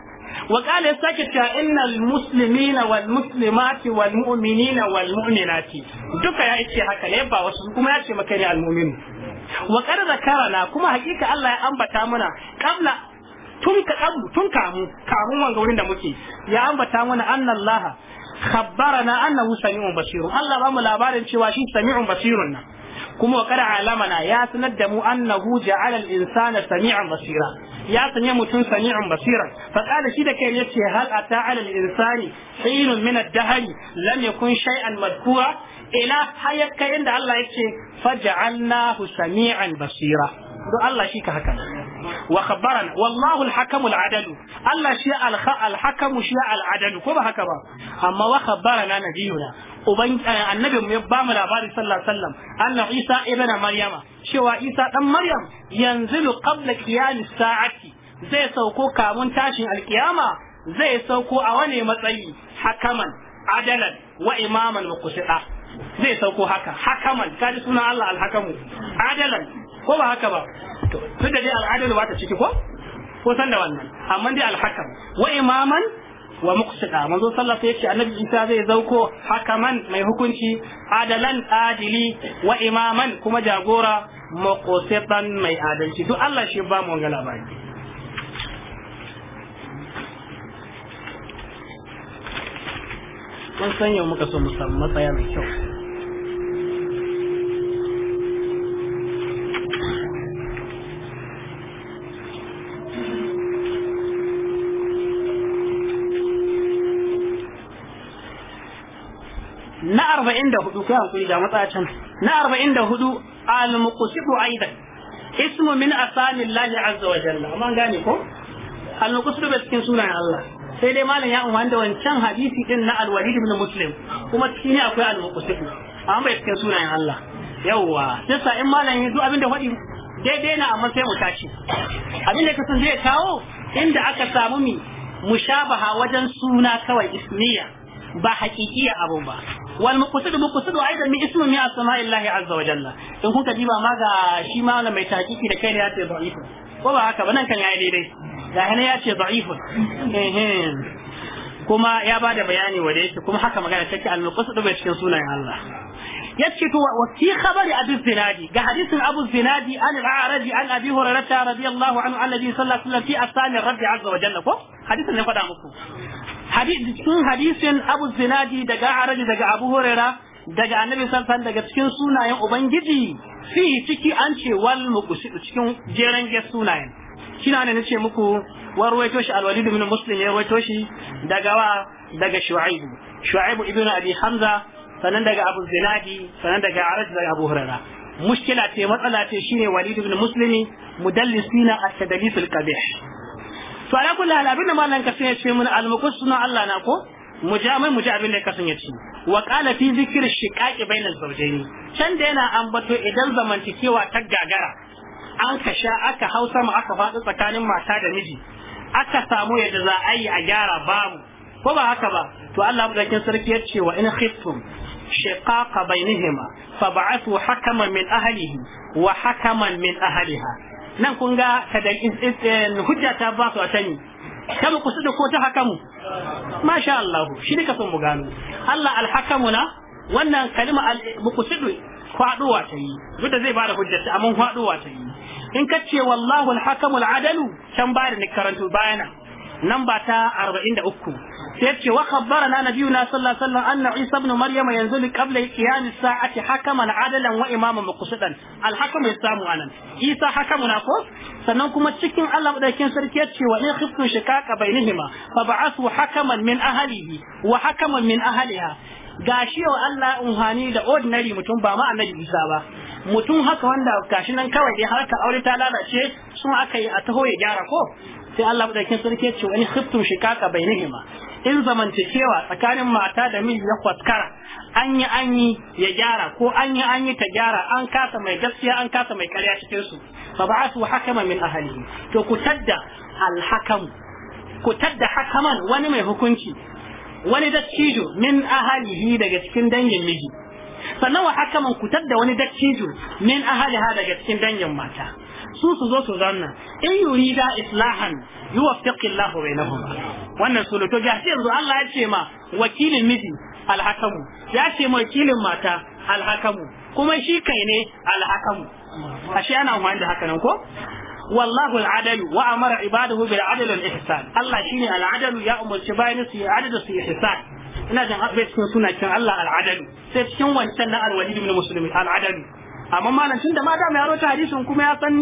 wa qala ya sake cewa innal muslimina wal muslimati wal mu'minina wal mu'minati duka ya ce haka ne ba wasu kuma ya ce maka kuma hakika Allah ya ambata tun ka tun kamu kamun wanga wurin da muke ya ambata muna annallaha khabbarana annahu sami'un basirun Allah ba mu labarin cewa shi sami'un basirun nan kuma wa kada alamana ya sanar da mu annahu ja'ala al-insana sami'an basira ya sanya mutum sami'un basiran fa kada shi da kai yace hal ata 'ala al-insani hinun min ad-dahr lam yakun shay'an madkura ila hayakka inda Allah yace faj'alnahu sami'an basira Do Allah shi ka haka wa khabaran wallahu al-hakamu al-adalu Allah shi al-hakamu shi al-adalu ko ba haka ba amma wa khabarana nabiyuna uban eh, annabi mu ba mu labarin sallallahu alaihi wasallam anna isa ibn maryama cewa isa dan maryam yanzilu qabla qiyamis sa'ati zai sauko kamun tashin alkiyama zai sauko a wane matsayi hakaman adalan wa imaman muqsita zai sauko haka hakaman kaji sunan Allah alhakamu adalan ko ba haka ba to tunda dai al'adalu ba ta ciki ko ko san da wannan amma dai alhakam wa imaman wa muqsida manzo sallallahu alaihi yace annabi Isa zai zauko hakaman mai hukunci adalan adili wa imaman kuma jagora muqsidan mai adalci duk Allah shi ba mu ga labari kun san yau muka so mu samu matsaya mai kyau na arba'in da hudu kai hankuli ga matsacin na arba'in da hudu al-muqsitu aidan ismu min asami Allah azza wa jalla amma gane ko al-muqsitu ba cikin sunan Allah sai dai malam ya umma da wancan hadisi din na al-walid ibn muslim kuma cikin akwai al-muqsitu amma bai cikin sunan Allah yawwa sai sa in malam yanzu abin da faɗi daidai na amma sai mu tashi abin da san zai kawo inda aka samu mi mushabaha wajen suna kawai ismiya ba hakikiya abu ba wal muqsid muqsid aidan min ismi min asma'i Allah azza wa jalla in kuka diba ma ga shi ma wala mai takiki da kai ya ce da'if ko ba haka ba nanka kan yayi daidai ga hana ya ce da'if kuma ya bada bayani wa da yake kuma haka magana take al muqsid bai cikin sunan Allah yace to wa fi khabari abu ga hadisin abu zinadi an al-a'raj an abi hurairah radiyallahu anhu alladhi sallallahu ko hadisin ne faɗa maku? sun hadisin abu zinadi daga arabi daga abu horera daga annabi sallallahu daga cikin sunayen ubangiji fi ciki an ce wal muqsid cikin jeren gas sunayen kina ne nace muku warwaito shi alwalid ibn muslim ya warwaito shi daga wa daga shu'aib shu'aib ibn abi hamza sanan daga abu zinadi sanan daga arabi daga abu horera mushkila ce matsala ce shine walid ibn muslimi mudallisina at-tadlis al-qabih to ala kullu hal abinda mallan kasin ya ce mun almukus sunan Allah na ko mu ja mai mu ji abin da kasin ya ce wa qala fi zikr shiqaqi bainal can da yana ambato idan zamantakewa ta gagara an ka sha aka hausa ma aka faɗi tsakanin mata da miji aka samu yadda za a yi a gyara babu ko ba haka ba to Allah mudaukin sarki ya ce wa in khiftum shiqaqa bainihima fab'athu hakaman min ahlihi wa hakaman min ahliha nan kun ga eh, hujja ta ba su a sani ta mu kusa da ko ta hakamu masha Allah shi ne ka son mu gano Allah alhakamuna wannan kalima mu kusa da faduwa ta yi duk da zai bada hujjar amma faduwa ta yi in ka ce wallahu alhakamu adalu, can ba da ni bayana nan ba ta uku, sai ce wa nabiyu na sallallahu alaihi wasallam anna isa ibn maryama yanzulu qabla qiyam as-sa'ati hakaman adalan wa imaman muqsitan al-hakamu yasamu anan isa hakamu na ko sannan kuma cikin Allah madaukakin sarki ya ce wa in khiftu shikaka bainihima fa ba'athu hakaman min ahlihi wa hakaman min ahliha gashi yau Allah unhani da ordinary mutum ba ma annabi Isa ba mutum haka wanda gashi nan kawai dai harka aure ta lalace sun aka yi a taho ya gyara ko sai Allah madaukin sarki ya ce wani khiftum shikaka bainihima in zamantakewa tsakanin mata da miji ya kwaskara an yi an yi ya gyara ko an yi an yi ta gyara an kasa mai gaskiya an kasa mai karya cikin su fa ba'athu hakaman min ahlihi to ku tadda al ku tadda hakaman wani mai hukunci wani dattijo min ahalihi daga cikin dangin miji sannan wa hakaman ku tadda wani dattijo min ahaliha daga cikin dangin mata su su zo su zanna in yurida islahan yuwaffiqillahu bainahum wannan suluto ya ce yanzu Allah ya ce ma wakilin miji alhakamu ya ce ma wakilin mata alhakamu kuma shi kai ne alhakamu ashe ana umarni da haka nan ko والله العدل وأمر عباده بالعدل والإحسان الله شيني العدل يا أم الشباين في عدد في إحسان إن جن أبيت سنة كان الله العدل سيتشن وانتنا الوليد من المسلمين العدل amma malam tunda ma da mai yaro ta hadisin kuma ya san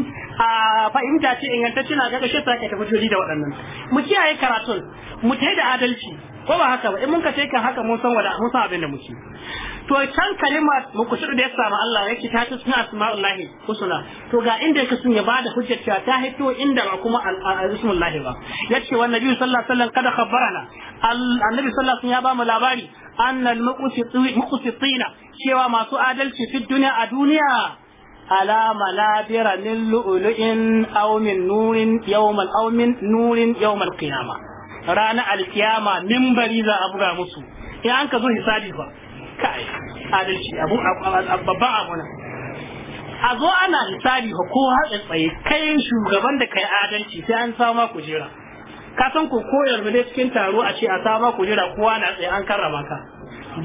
a fahimta ce ingantacce na kaga shi sake tafi juri da waɗannan mu kiyaye karatun mu tai da adalci ko ba haka ba in mun ka sai kan haka mun san wada mun san abin da muke to can kalima mu shirya da ya samu Allah yake ta ta suna asma'ullahi husna to ga inda yake sun ya bada hujjar cewa ta hito inda ba kuma al-ismullahi ba yace wa nabi sallallahu alaihi wasallam kada khabarana annabi sallallahu alaihi wasallam ya ba mu labari annal muqsitina cewa masu adalci fi duniya a duniya ala malabira min lu'lu'in aw min nurin yawmal aw min nurin yawmal qiyama rana alkiyama bari za a buga musu in an ka zo hisabi ba kai adalci abu babban abu na a zo ana hisabi ba ko har tsaye kai shugaban da kai adalci sai an samu kujera ka san ko koyar da cikin taro a ce a samu kujera kowa na tsaye an karrama ka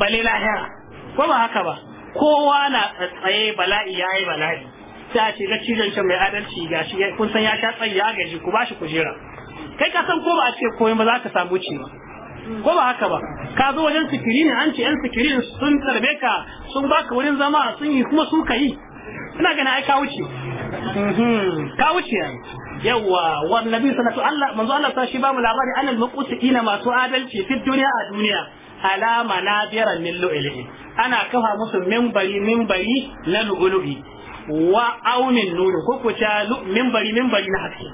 bale lahira ko ba haka ba kowa na tsaye bala'i ya yi bala'i sai a ce na cizon can mai adalci ga shi kun san ya sha tsayi ya gaji ku bashi kujera kai ka san ko ba a ce koyi ba za ka samu ci ba ko ba haka ba ka zo wajen sikiri ne an ce yan sikiri sun tarbe ka sun baka wurin zama sun yi kuma sun kayi ina gani ai ka wuce ka wuce yawa wannan nabi sanatu Allah manzo Allah ta shi ba mu labari anil muqsitina masu adalci fi duniya a duniya ala manabira min lu'lu'i ana kafa musu minbari minbari na lu'lu'i wa aunin nuru ko ko ta minbari minbari na haske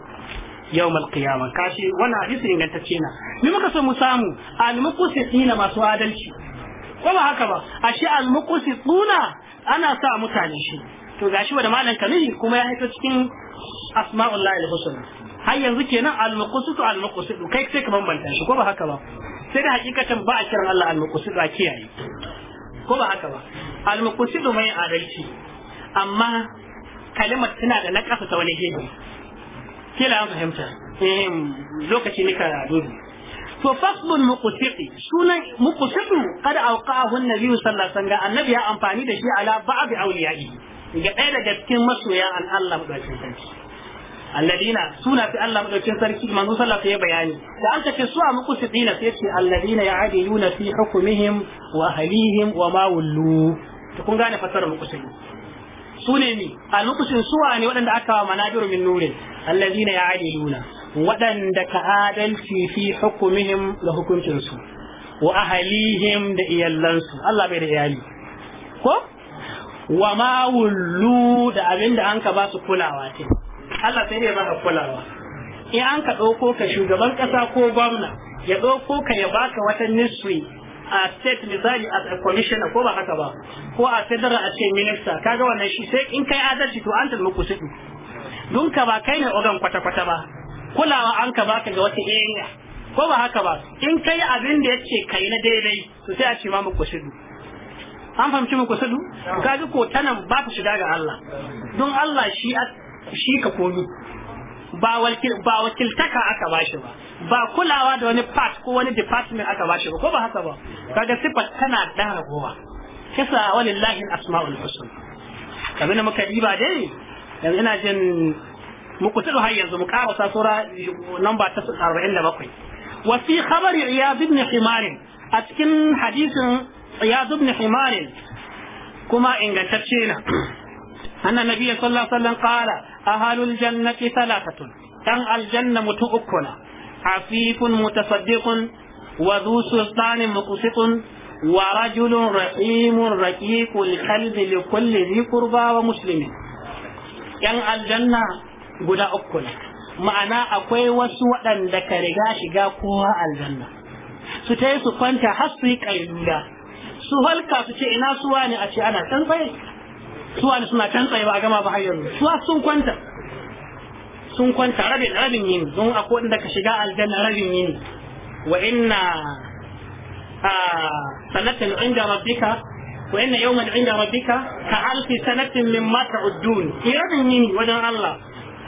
yawm al-qiyamah kashi wannan hadisi ingantacce na ni muka so mu samu al-muqsitina masu adalci ko ba haka ba ashe al-muqsituna ana sa mutane shi to gashi wanda malam kalihi kuma ya haito cikin asma'ullahi al-husna har yanzu kenan al-muqsitu al-muqsitu kai sai ka bambanta shi ko ba haka ba sai da hakikatan ba a kiran Allah al-muqsidu a kiyaye ko ba haka ba al-muqsidu mai adalci amma kalimar tana da nakasa ta wani gefe kila an fahimta eh lokaci nika dubi to fasbun muqsidi sunan muqsidu kada auqahu annabi sallallahu alaihi wasallam annabi ya amfani da shi ala ba'd awliyai ga ɗaya daga cikin masoya an Allah mu mudaukin sarki alladina suna fi Allah madaukin sarki manzo sallah alaihi bayani da an ce su a muqsitina sai ce alladina ya'adiluna fi hukmihim wa ahlihim wa ma wallu to kun gane fasara muqsiti su ne ni al muqsitin suwa ne waɗanda aka wa manajiru min nurin alladina ya'adiluna waɗanda ka adalci fi hukmihim da hukuncin su wa ahlihim da iyallansu Allah bai da iyali ko wa ma wullu da abinda an ka ba su kulawa ce Allah sai ne ba ka kulawa in an ka ɗauko ka shugaban ƙasa ko gwamna ya ɗauko ka ya baka wata ministry a state misali a commissioner ko ba haka ba ko a federal a ce minister kaga wannan shi sai in kai adalci to an talmi ku sudu don ka ba kai ne ogan kwata kwata ba kulawa an ka baka ga wata area ko ba haka ba in kai abin da yace kai na daidai to sai a ce ma mu ku sudu an fahimci mu ku sudu kaga ko tanan ba ku shiga ga Allah don Allah shi shi ka komi ba wakiltaka aka ba shi ba ba kulawa da wani part ko wani department aka ba shi ba ko ba haka ba kaga sifar tana da ragowa kisa walillahi asmaul husna kamar da muka diba dai yanzu ina jin mu tudu har yanzu mu karasa sura number ta 47 wa fi khabari iyad ibn himar a cikin hadisin iyad ibn himar kuma ingantacce na أن النبي صلى الله عليه وسلم قال أهل الجنة ثلاثة أن الجنة متؤكنا عفيف متصدق وذو سلطان مقسط ورجل رحيم رقيق القلب لكل ذي قربى ومسلم ‘yan aljanna guda uku ma'ana akwai wasu waɗanda ka riga shiga kowa aljanna su ta yi su kwanta har su su halka su ce ina a ce ana su wani suna can tsaye ba a gama ba har yanzu su sun kwanta sun kwanta rabin rabin yini don akwai inda ka shiga aljanna rabin yini wa inna sanatin inda rabbika wa inna yawman inda rabbika ka alfi sanatin min mimma ta'uddun rabin yini wajen Allah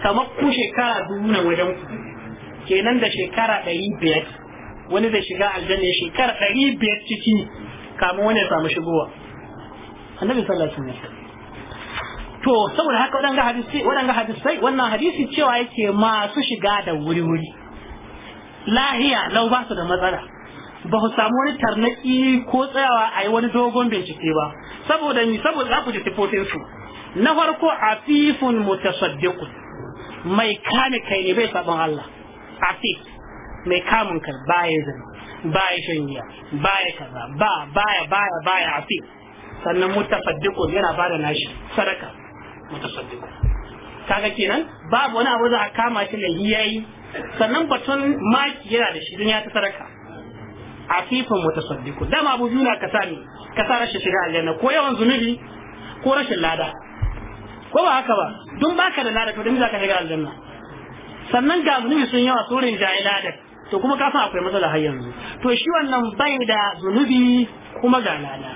kamar ku shekara dubu wajen ku kenan da shekara ɗari biyar wani da shiga aljanna shekara ɗari biyar ciki kamun wani ya samu shigowa annabi sallallahu alaihi wasallam to saboda haka waɗanga hadisi hadisai wannan hadisi cewa yake masu shiga da wuri-wuri lahiya lau ba su da matsala ba ku samu wani tarnaki ko tsayawa a yi wani dogon bincike ba saboda ni saboda za ku ji tifofin su na farko afifun mutasaddiqun mai kame kai ne bai sabon Allah afif mai kamun kai baya zama baya shan giya baya kaza ba baya baya baya afif sannan mutasaddiqun yana bada nashi sadaka mutasaddiqun kaga kenan babu wani abu da a kama shi lahi yayi sannan batun maki yana da shi duniya ta sadaka afifun mutasaddiqun dama abu juna ka sani ka rashin shiga aljanna ko yawan zunubi ko rashin lada ko ba haka ba dun baka da lada to dan zaka shiga aljanna sannan ga zunubi sun yawa surin jahila da to kuma ka san akwai matsala har yanzu to shi wannan bai da zunubi kuma ga lada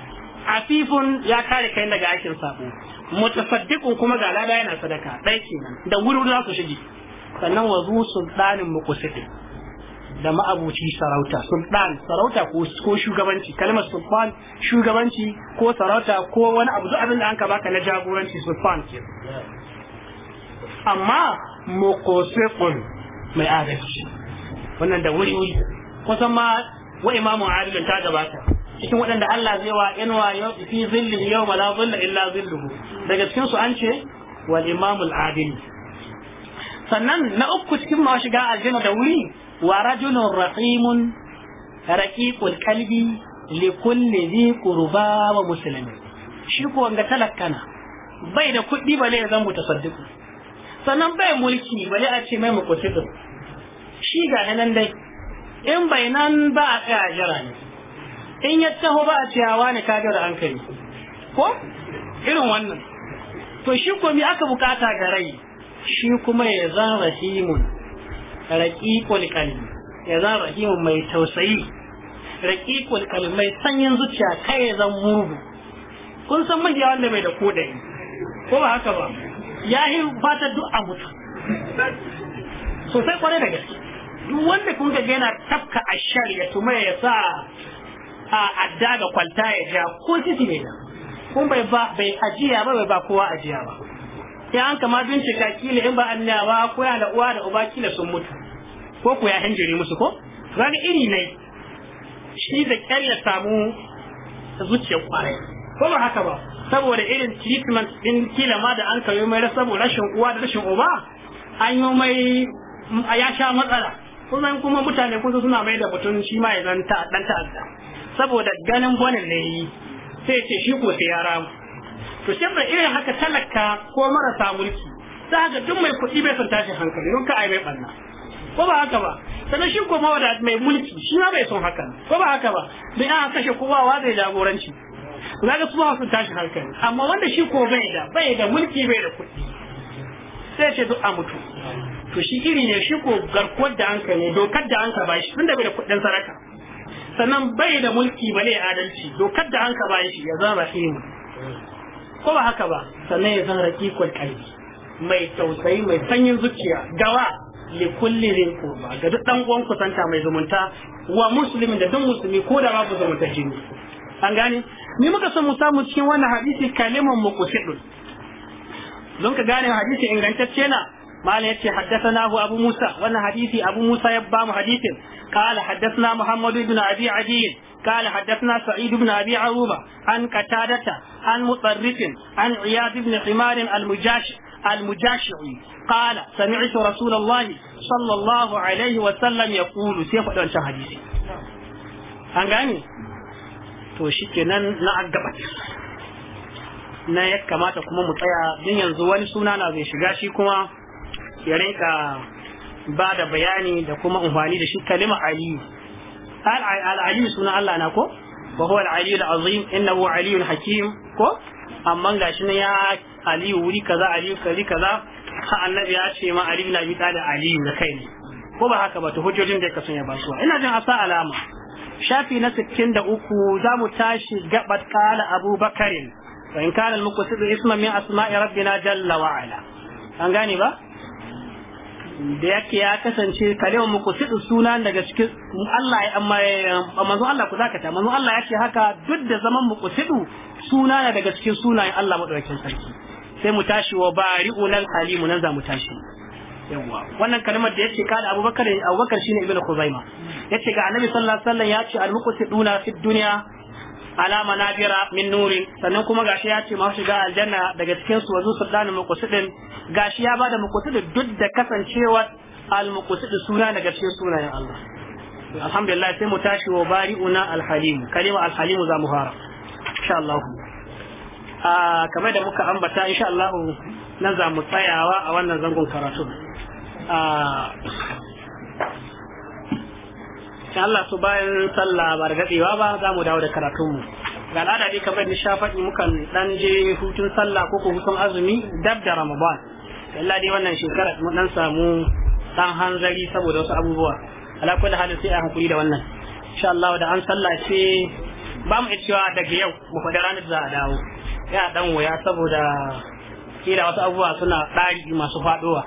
afifun ya kare kai daga aikin sabo mutasaddiqun kuma ga lada yana sadaka dai kenan da wuri za su shige sannan wa zu sultanin muqsidi da ma'abuci sarauta sultan sarauta ko shugabanci kalmar sultan shugabanci ko sarauta ko wani abu abin da an ka baka na jagoranci sultan ke amma muqsidun mai adalci wannan da wuri kusan ma wa imamu adilun ta gabata cikin waɗanda Allah zai wa in wa yau fi zilli yau la zilla illa zilluhu daga cikin su an ce wal adil sannan na uku cikin ma shiga aljanna da wuri wa rajulun raqimun raqiqul qalbi li kulli dhi qurba wa shi ko wanda talakkana bai da kuɗi bale ya zan mutasaddiqu sannan bai mulki bale a ce mai mukutsidu shi ga nan dai in bai nan ba a tsaya jira ne in ya taho ba a ciyawa ne kagar an kai ko irin wannan to shi ko mi aka bukata ga rai shi kuma ya zan rahimun raqiqul qalbi ya zan rahimun mai tausayi raqiqul qalbi mai sanyin zuciya kai ya zan murhu kun san mahiya wanda bai da kodai ko ba haka ba ya yi fata duk a mutu sosai kwarai da gaske duk wanda kun ga yana tafka ashar ya tuma ya sa a adda ga kwalta ya ja ko sisi ne da kun bai ba bai ajiya ba bai ba kowa ajiya ba sai an kama bincika kila in ba Allah ba ko ya da uwa da uba kila sun mutu ko ku ya hanjiri musu ko zan iri ne shi da kyar ya samu zuciyar kwarai ko ba haka ba saboda irin treatment din kila ma da an kawo mai saboda rashin uwa da rashin uba an yi mai ya sha matsala kuma kuma mutane kun suna mai da mutum shi ma ya zanta dan ta'adda saboda ganin gwanin ne yi sai ce shi ko sai ya ramu to shin da irin haka talaka ko marasa mulki za ga duk mai kuɗi bai son tashin hankali don ka ai mai banna ko ba haka ba sannan shi ko mawada mai mulki shi ma bai son haka ko ba haka ba dan an kashe kowa wa zai jagoranci za ga su ba sun tashin hankali amma wanda shi ko bai da bai da mulki bai da kuɗi sai ce duk a mutu to shi iri ne shi ko garkuwar da an ka ne dokar da an ka ba shi tunda bai da kuɗin saraka sannan bai da mulki ba ne adalci dokar da an ka shi ya zama rahimu ko ba haka ba sannan ya zan raƙiƙon ƙarfi mai tausayi mai sanyin zuciya gawa li kulli zin kurba ga duk dan uwan kusanta mai zumunta wa muslimin da duk musulmi ko da babu zumunta jini an gane ni muka san mu samu cikin wannan hadisi kalimun muqtidun don ka gane hadisi ingantacce na mala yace haddathanahu abu musa wannan hadisi abu musa ya ba mu hadisin qala haddathna muhammad ibn abi adi qala haddathna sa'id ibn abi aruba an katadata an tsarrifin an iyad ibn himar al-mujashi المجاشعي قال سمعت رسول الله صلى الله عليه وسلم يقول سيف الانشاء حديثي أنغاني to shi na na ya kamata kuma mu tsaya din yanzu wani suna na zai shiga shi kuma ya rinka ba da bayani da kuma amfani da shi kalima aliyu al suna Allah na ko wa huwa al-aliyu al-azim innahu aliyun hakim ko amma ga shi ne ya aliyu wuri kaza aliyu kari kaza annabi ya ce ma aliyu na bi da aliyu da kai ne ko ba haka ba ta hujjojin da ka sun ya basuwa ina jin asa alama shafi na 63 za mu tashi gabat kala abubakarin wa in kana al-muqtasid isma min asma'i rabbina jalla wa ala an gane ba da yake ya kasance kalewa muku sidu suna daga cikin Allah ya eh, manzo Allah ku zakata manzo Allah haka duk da zaman muku sidu suna daga cikin sunayen Allah madaukakin sarki sai mu tashi wa bari'u nan halimu nan za mu tashi wannan kalmar da yake kada Abubakar Abubakar shine ibnu Khuzaimah yace ga Annabi sallallahu alaihi wasallam yace al-muqsiduna fid dunya Alama na bira min nuri sannan kuma gashi ya ce masu shiga aljanna daga cikin su wazu sultanu muqsidin gashi ya bada muqsidin duk da kasancewa al-muqsid suna daga cikin sunayen Allah alhamdulillah sai mu tashi wa bari'una al-halim kalima al-halim za mu fara insha Allah a kamar da muka ambata insha Allah nan za mu tsayawa a wannan zangon karatu in Allah su bayan sallah ba da ba za mu dawo da karatunmu ga al'ada dai kamar ni shafaɗi mukan ɗan je hutun sallah ko ko hutun azumi dab da ramadan Allah dai wannan shekarar mu ɗan samu ɗan hanzari saboda wasu abubuwa ala kulli halin sai a hakuri da wannan insha Allah da an sallah ce ba mu cewa daga yau mu faɗi ranar za a dawo ya dan wuya saboda kila wasu abubuwa suna ɗari masu faɗowa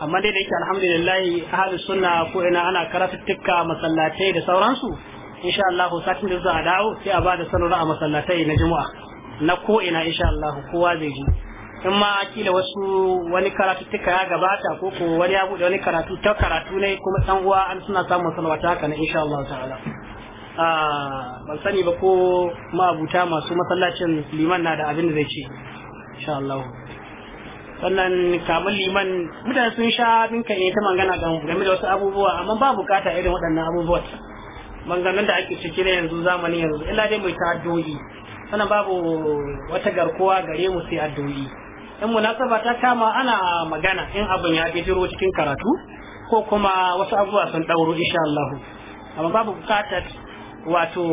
amma dai da yake alhamdulillah ahlus sunna ko ina ana karatuttuka masallatai da sauransu insha Allah satin da za a dawo sai a bada sanarwa a masallatai na juma'a na ko ina insha Allah kowa zai ji in ma kila wasu wani karatuttuka ya gabata ko ko wani ya bude wani karatu ta karatu ne kuma san uwa an suna samun salwata haka na insha Allah ta'ala ah, ban sani ba ko abuta masu masallacin liman na da abin da zai ce insha Allah sannan kamar liman mutane sun sha dinka ne ta magana game da wasu abubuwa amma ba bukata irin waɗannan abubuwa maganganun da ake ciki na yanzu zamanin yanzu illa dai mai ta addu'o'i sannan babu wata garkuwa gare mu sai addu'o'i in munasaba ta kama ana magana in abin ya bijiro cikin karatu ko kuma wasu abubuwa sun ɗauro insha Allah amma babu bukatar wato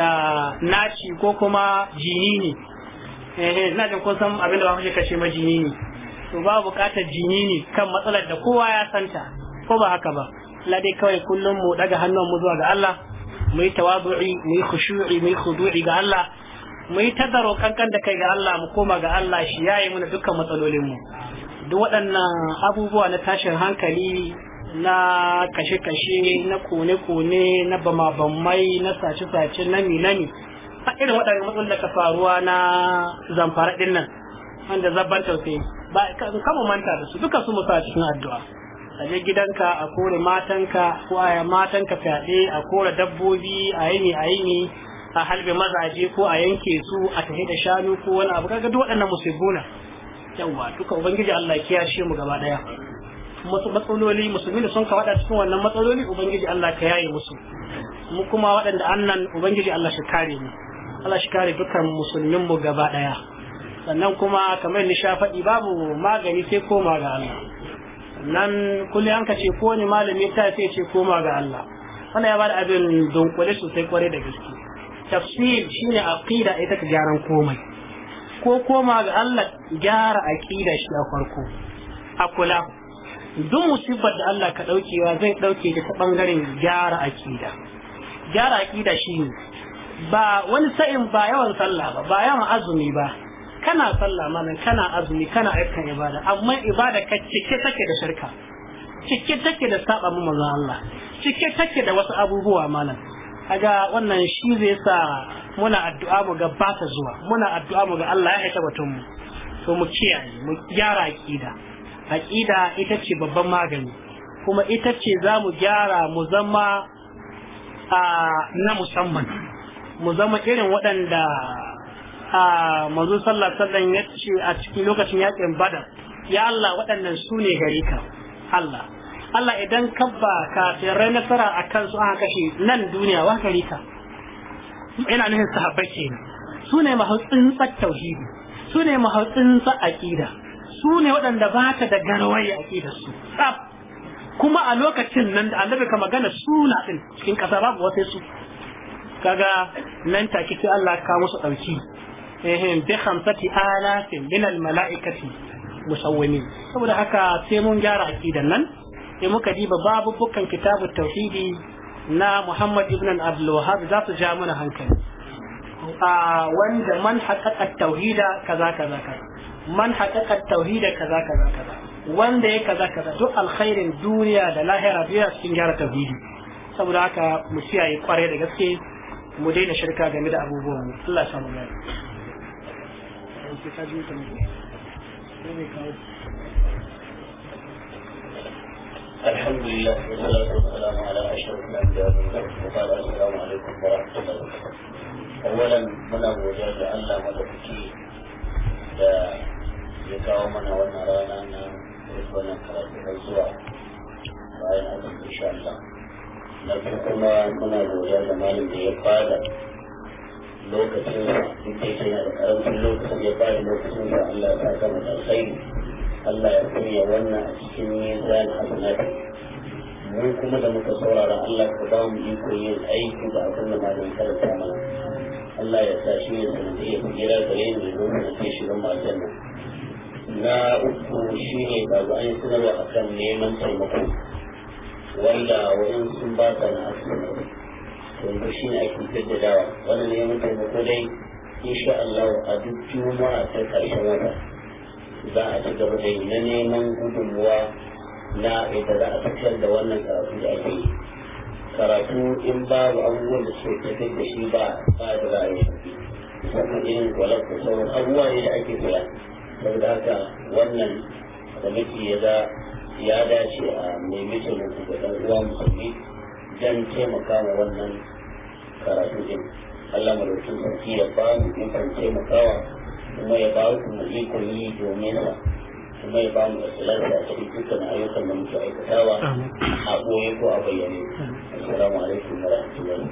ah, naci ko kuma jini ne eh ina jin kun abin da ba kashe kashe ma jinini to ba bukatar jinini kan matsalar da kowa ya santa ko ba haka ba la kawai kullum mu daga hannun mu zuwa ga Allah mu yi tawadu'i mu yi khushu'i mu yi khudu'i ga Allah mu yi tazaro kankan da kai ga Allah mu koma ga Allah shi yayi mana dukkan matsalolin mu duk waɗannan abubuwa na tashin hankali na kashe-kashe na kone-kone na bama-bamai na sace-sace na minani a irin waɗannan matsalolin da ka faruwa na zamfara ɗin nan wanda zabban tausayi ba kama manta da su duka su musa cikin addu'a a je gidanka a kore matanka ko a matanka fyaɗe a kore dabbobi a yi a yi a halbe mazaje ko a yanke su a tafi da shanu ko wani abu kaga duk waɗannan musibbuna yawa duka ubangiji Allah ya kiyashe mu gaba daya matsaloli musulmi da sun kawada cikin wannan matsaloli ubangiji Allah ka yaye musu mu kuma waɗanda annan ubangiji Allah shi kare mu Allah shi kare dukkan musulmin mu gaba daya sannan kuma kamar ni sha babu magani sai koma ga Allah nan kulli an ka ce ko ni malami ta sai ce koma ga Allah wannan ya bada abin dunkule sosai kware da gaske tafsir shine aqida ita ka gyaran komai ko koma ga Allah gyara aqida shi a farko a kula duk musibar da Allah ka daukewa zai dauke ta bangaren gyara aqida gyara aqida shine ba wani sa'in ba yawan sallah ba ba yawan azumi ba kana sallah mana, kana azumi kana aikin ibada amma ibada ka cike take da shirka cike take da saba mu manzon Allah cike take da wasu abubuwa mana kaga wannan shi zai sa muna addu'a mu ga ba ta zuwa muna addu'a mu ga Allah ya aika batun mu to mu kiyaye mu gyara aqida ita ce babban magani kuma ita ce za mu gyara mu zama ah, na musamman mu zama irin waɗanda a mazu sallah sallan ya ce a cikin lokacin yakin badar ya Allah waɗannan su ne gare ka Allah Allah idan ka ba tsirrai nasara a kansu aka kashe nan duniya wa gare ka ina nufin sahabbai kenan su ne mahautsin tauhidi su ne mahautsin aqida su ne waɗanda ba ka da garwaye aqida su kuma a lokacin nan da annabi ka magana suna din cikin kasa babu wasu su kaga nan take sai Allah ka musu dauki eh bi khamsati alafin min al malaikati musawwimin saboda haka sai mun gyara akidan nan sai muka diba babu bukan kitabut tauhidi na Muhammad ibn Abdul Wahhab za su ja mana hankali a wanda man haƙaƙa tauhida kaza kaza kaza man haƙaƙa tauhida kaza kaza kaza wanda ya kaza kaza duk alkhairin duniya da lahira biya cikin gyara tauhidi saboda haka mu kiyaye kwarai da gaske mu daina shirka game da abubuwan الحمد لله والصلاة والسلام على أشرف الأنبياء والمرسلين السلام عليكم ورحمة الله وبركاته. أولا من أبو جهل أن لا ملكي لا يقاومنا ونرانا أن يكون كرامة الزواج. إن شاء الله. na kuma muna godiya da malam da ya fada lokacin duk da yake da karancin lokacin ya fada lokacin da Allah ya saka mu alkhairi Allah ya kunya wannan a cikin mizan hasanat mun kuma da muka saurara Allah ka ba mu iko yin aiki da abin da malam karanta mana Allah ya sa shi ne sanadiyar hijira gare ni domin na ke shirin aljanna na uku shi ne ba za a yi sanarwa akan neman taimako wanda wajen sun ba ka na to yanzu shi ne ake jaddadawa wannan ne mun taimako dai insha Allah a duk juma'a ta karshen wata za a ci gaba da na neman gudunmuwa na yadda za a tafiyar da wannan karatu da ake yi karatu in babu abubuwan da suke tafiyar da shi ba ba da za a yi musamman irin kwalar da sauran abubuwa ne da ake kula saboda haka wannan kwamiti ya za ya dace a nemi taimako da ɗan uwa musulmi don taimaka wa wannan karatu din Allah madaukin sarki ya ba mu ikon taimakawa kuma ya ba mu ikon yi domin sa kuma ya ba mu da ikhlas a cikin dukkan ayyukan da muke aikatawa a ɓoye ko a bayyane assalamu alaikum warahmatullahi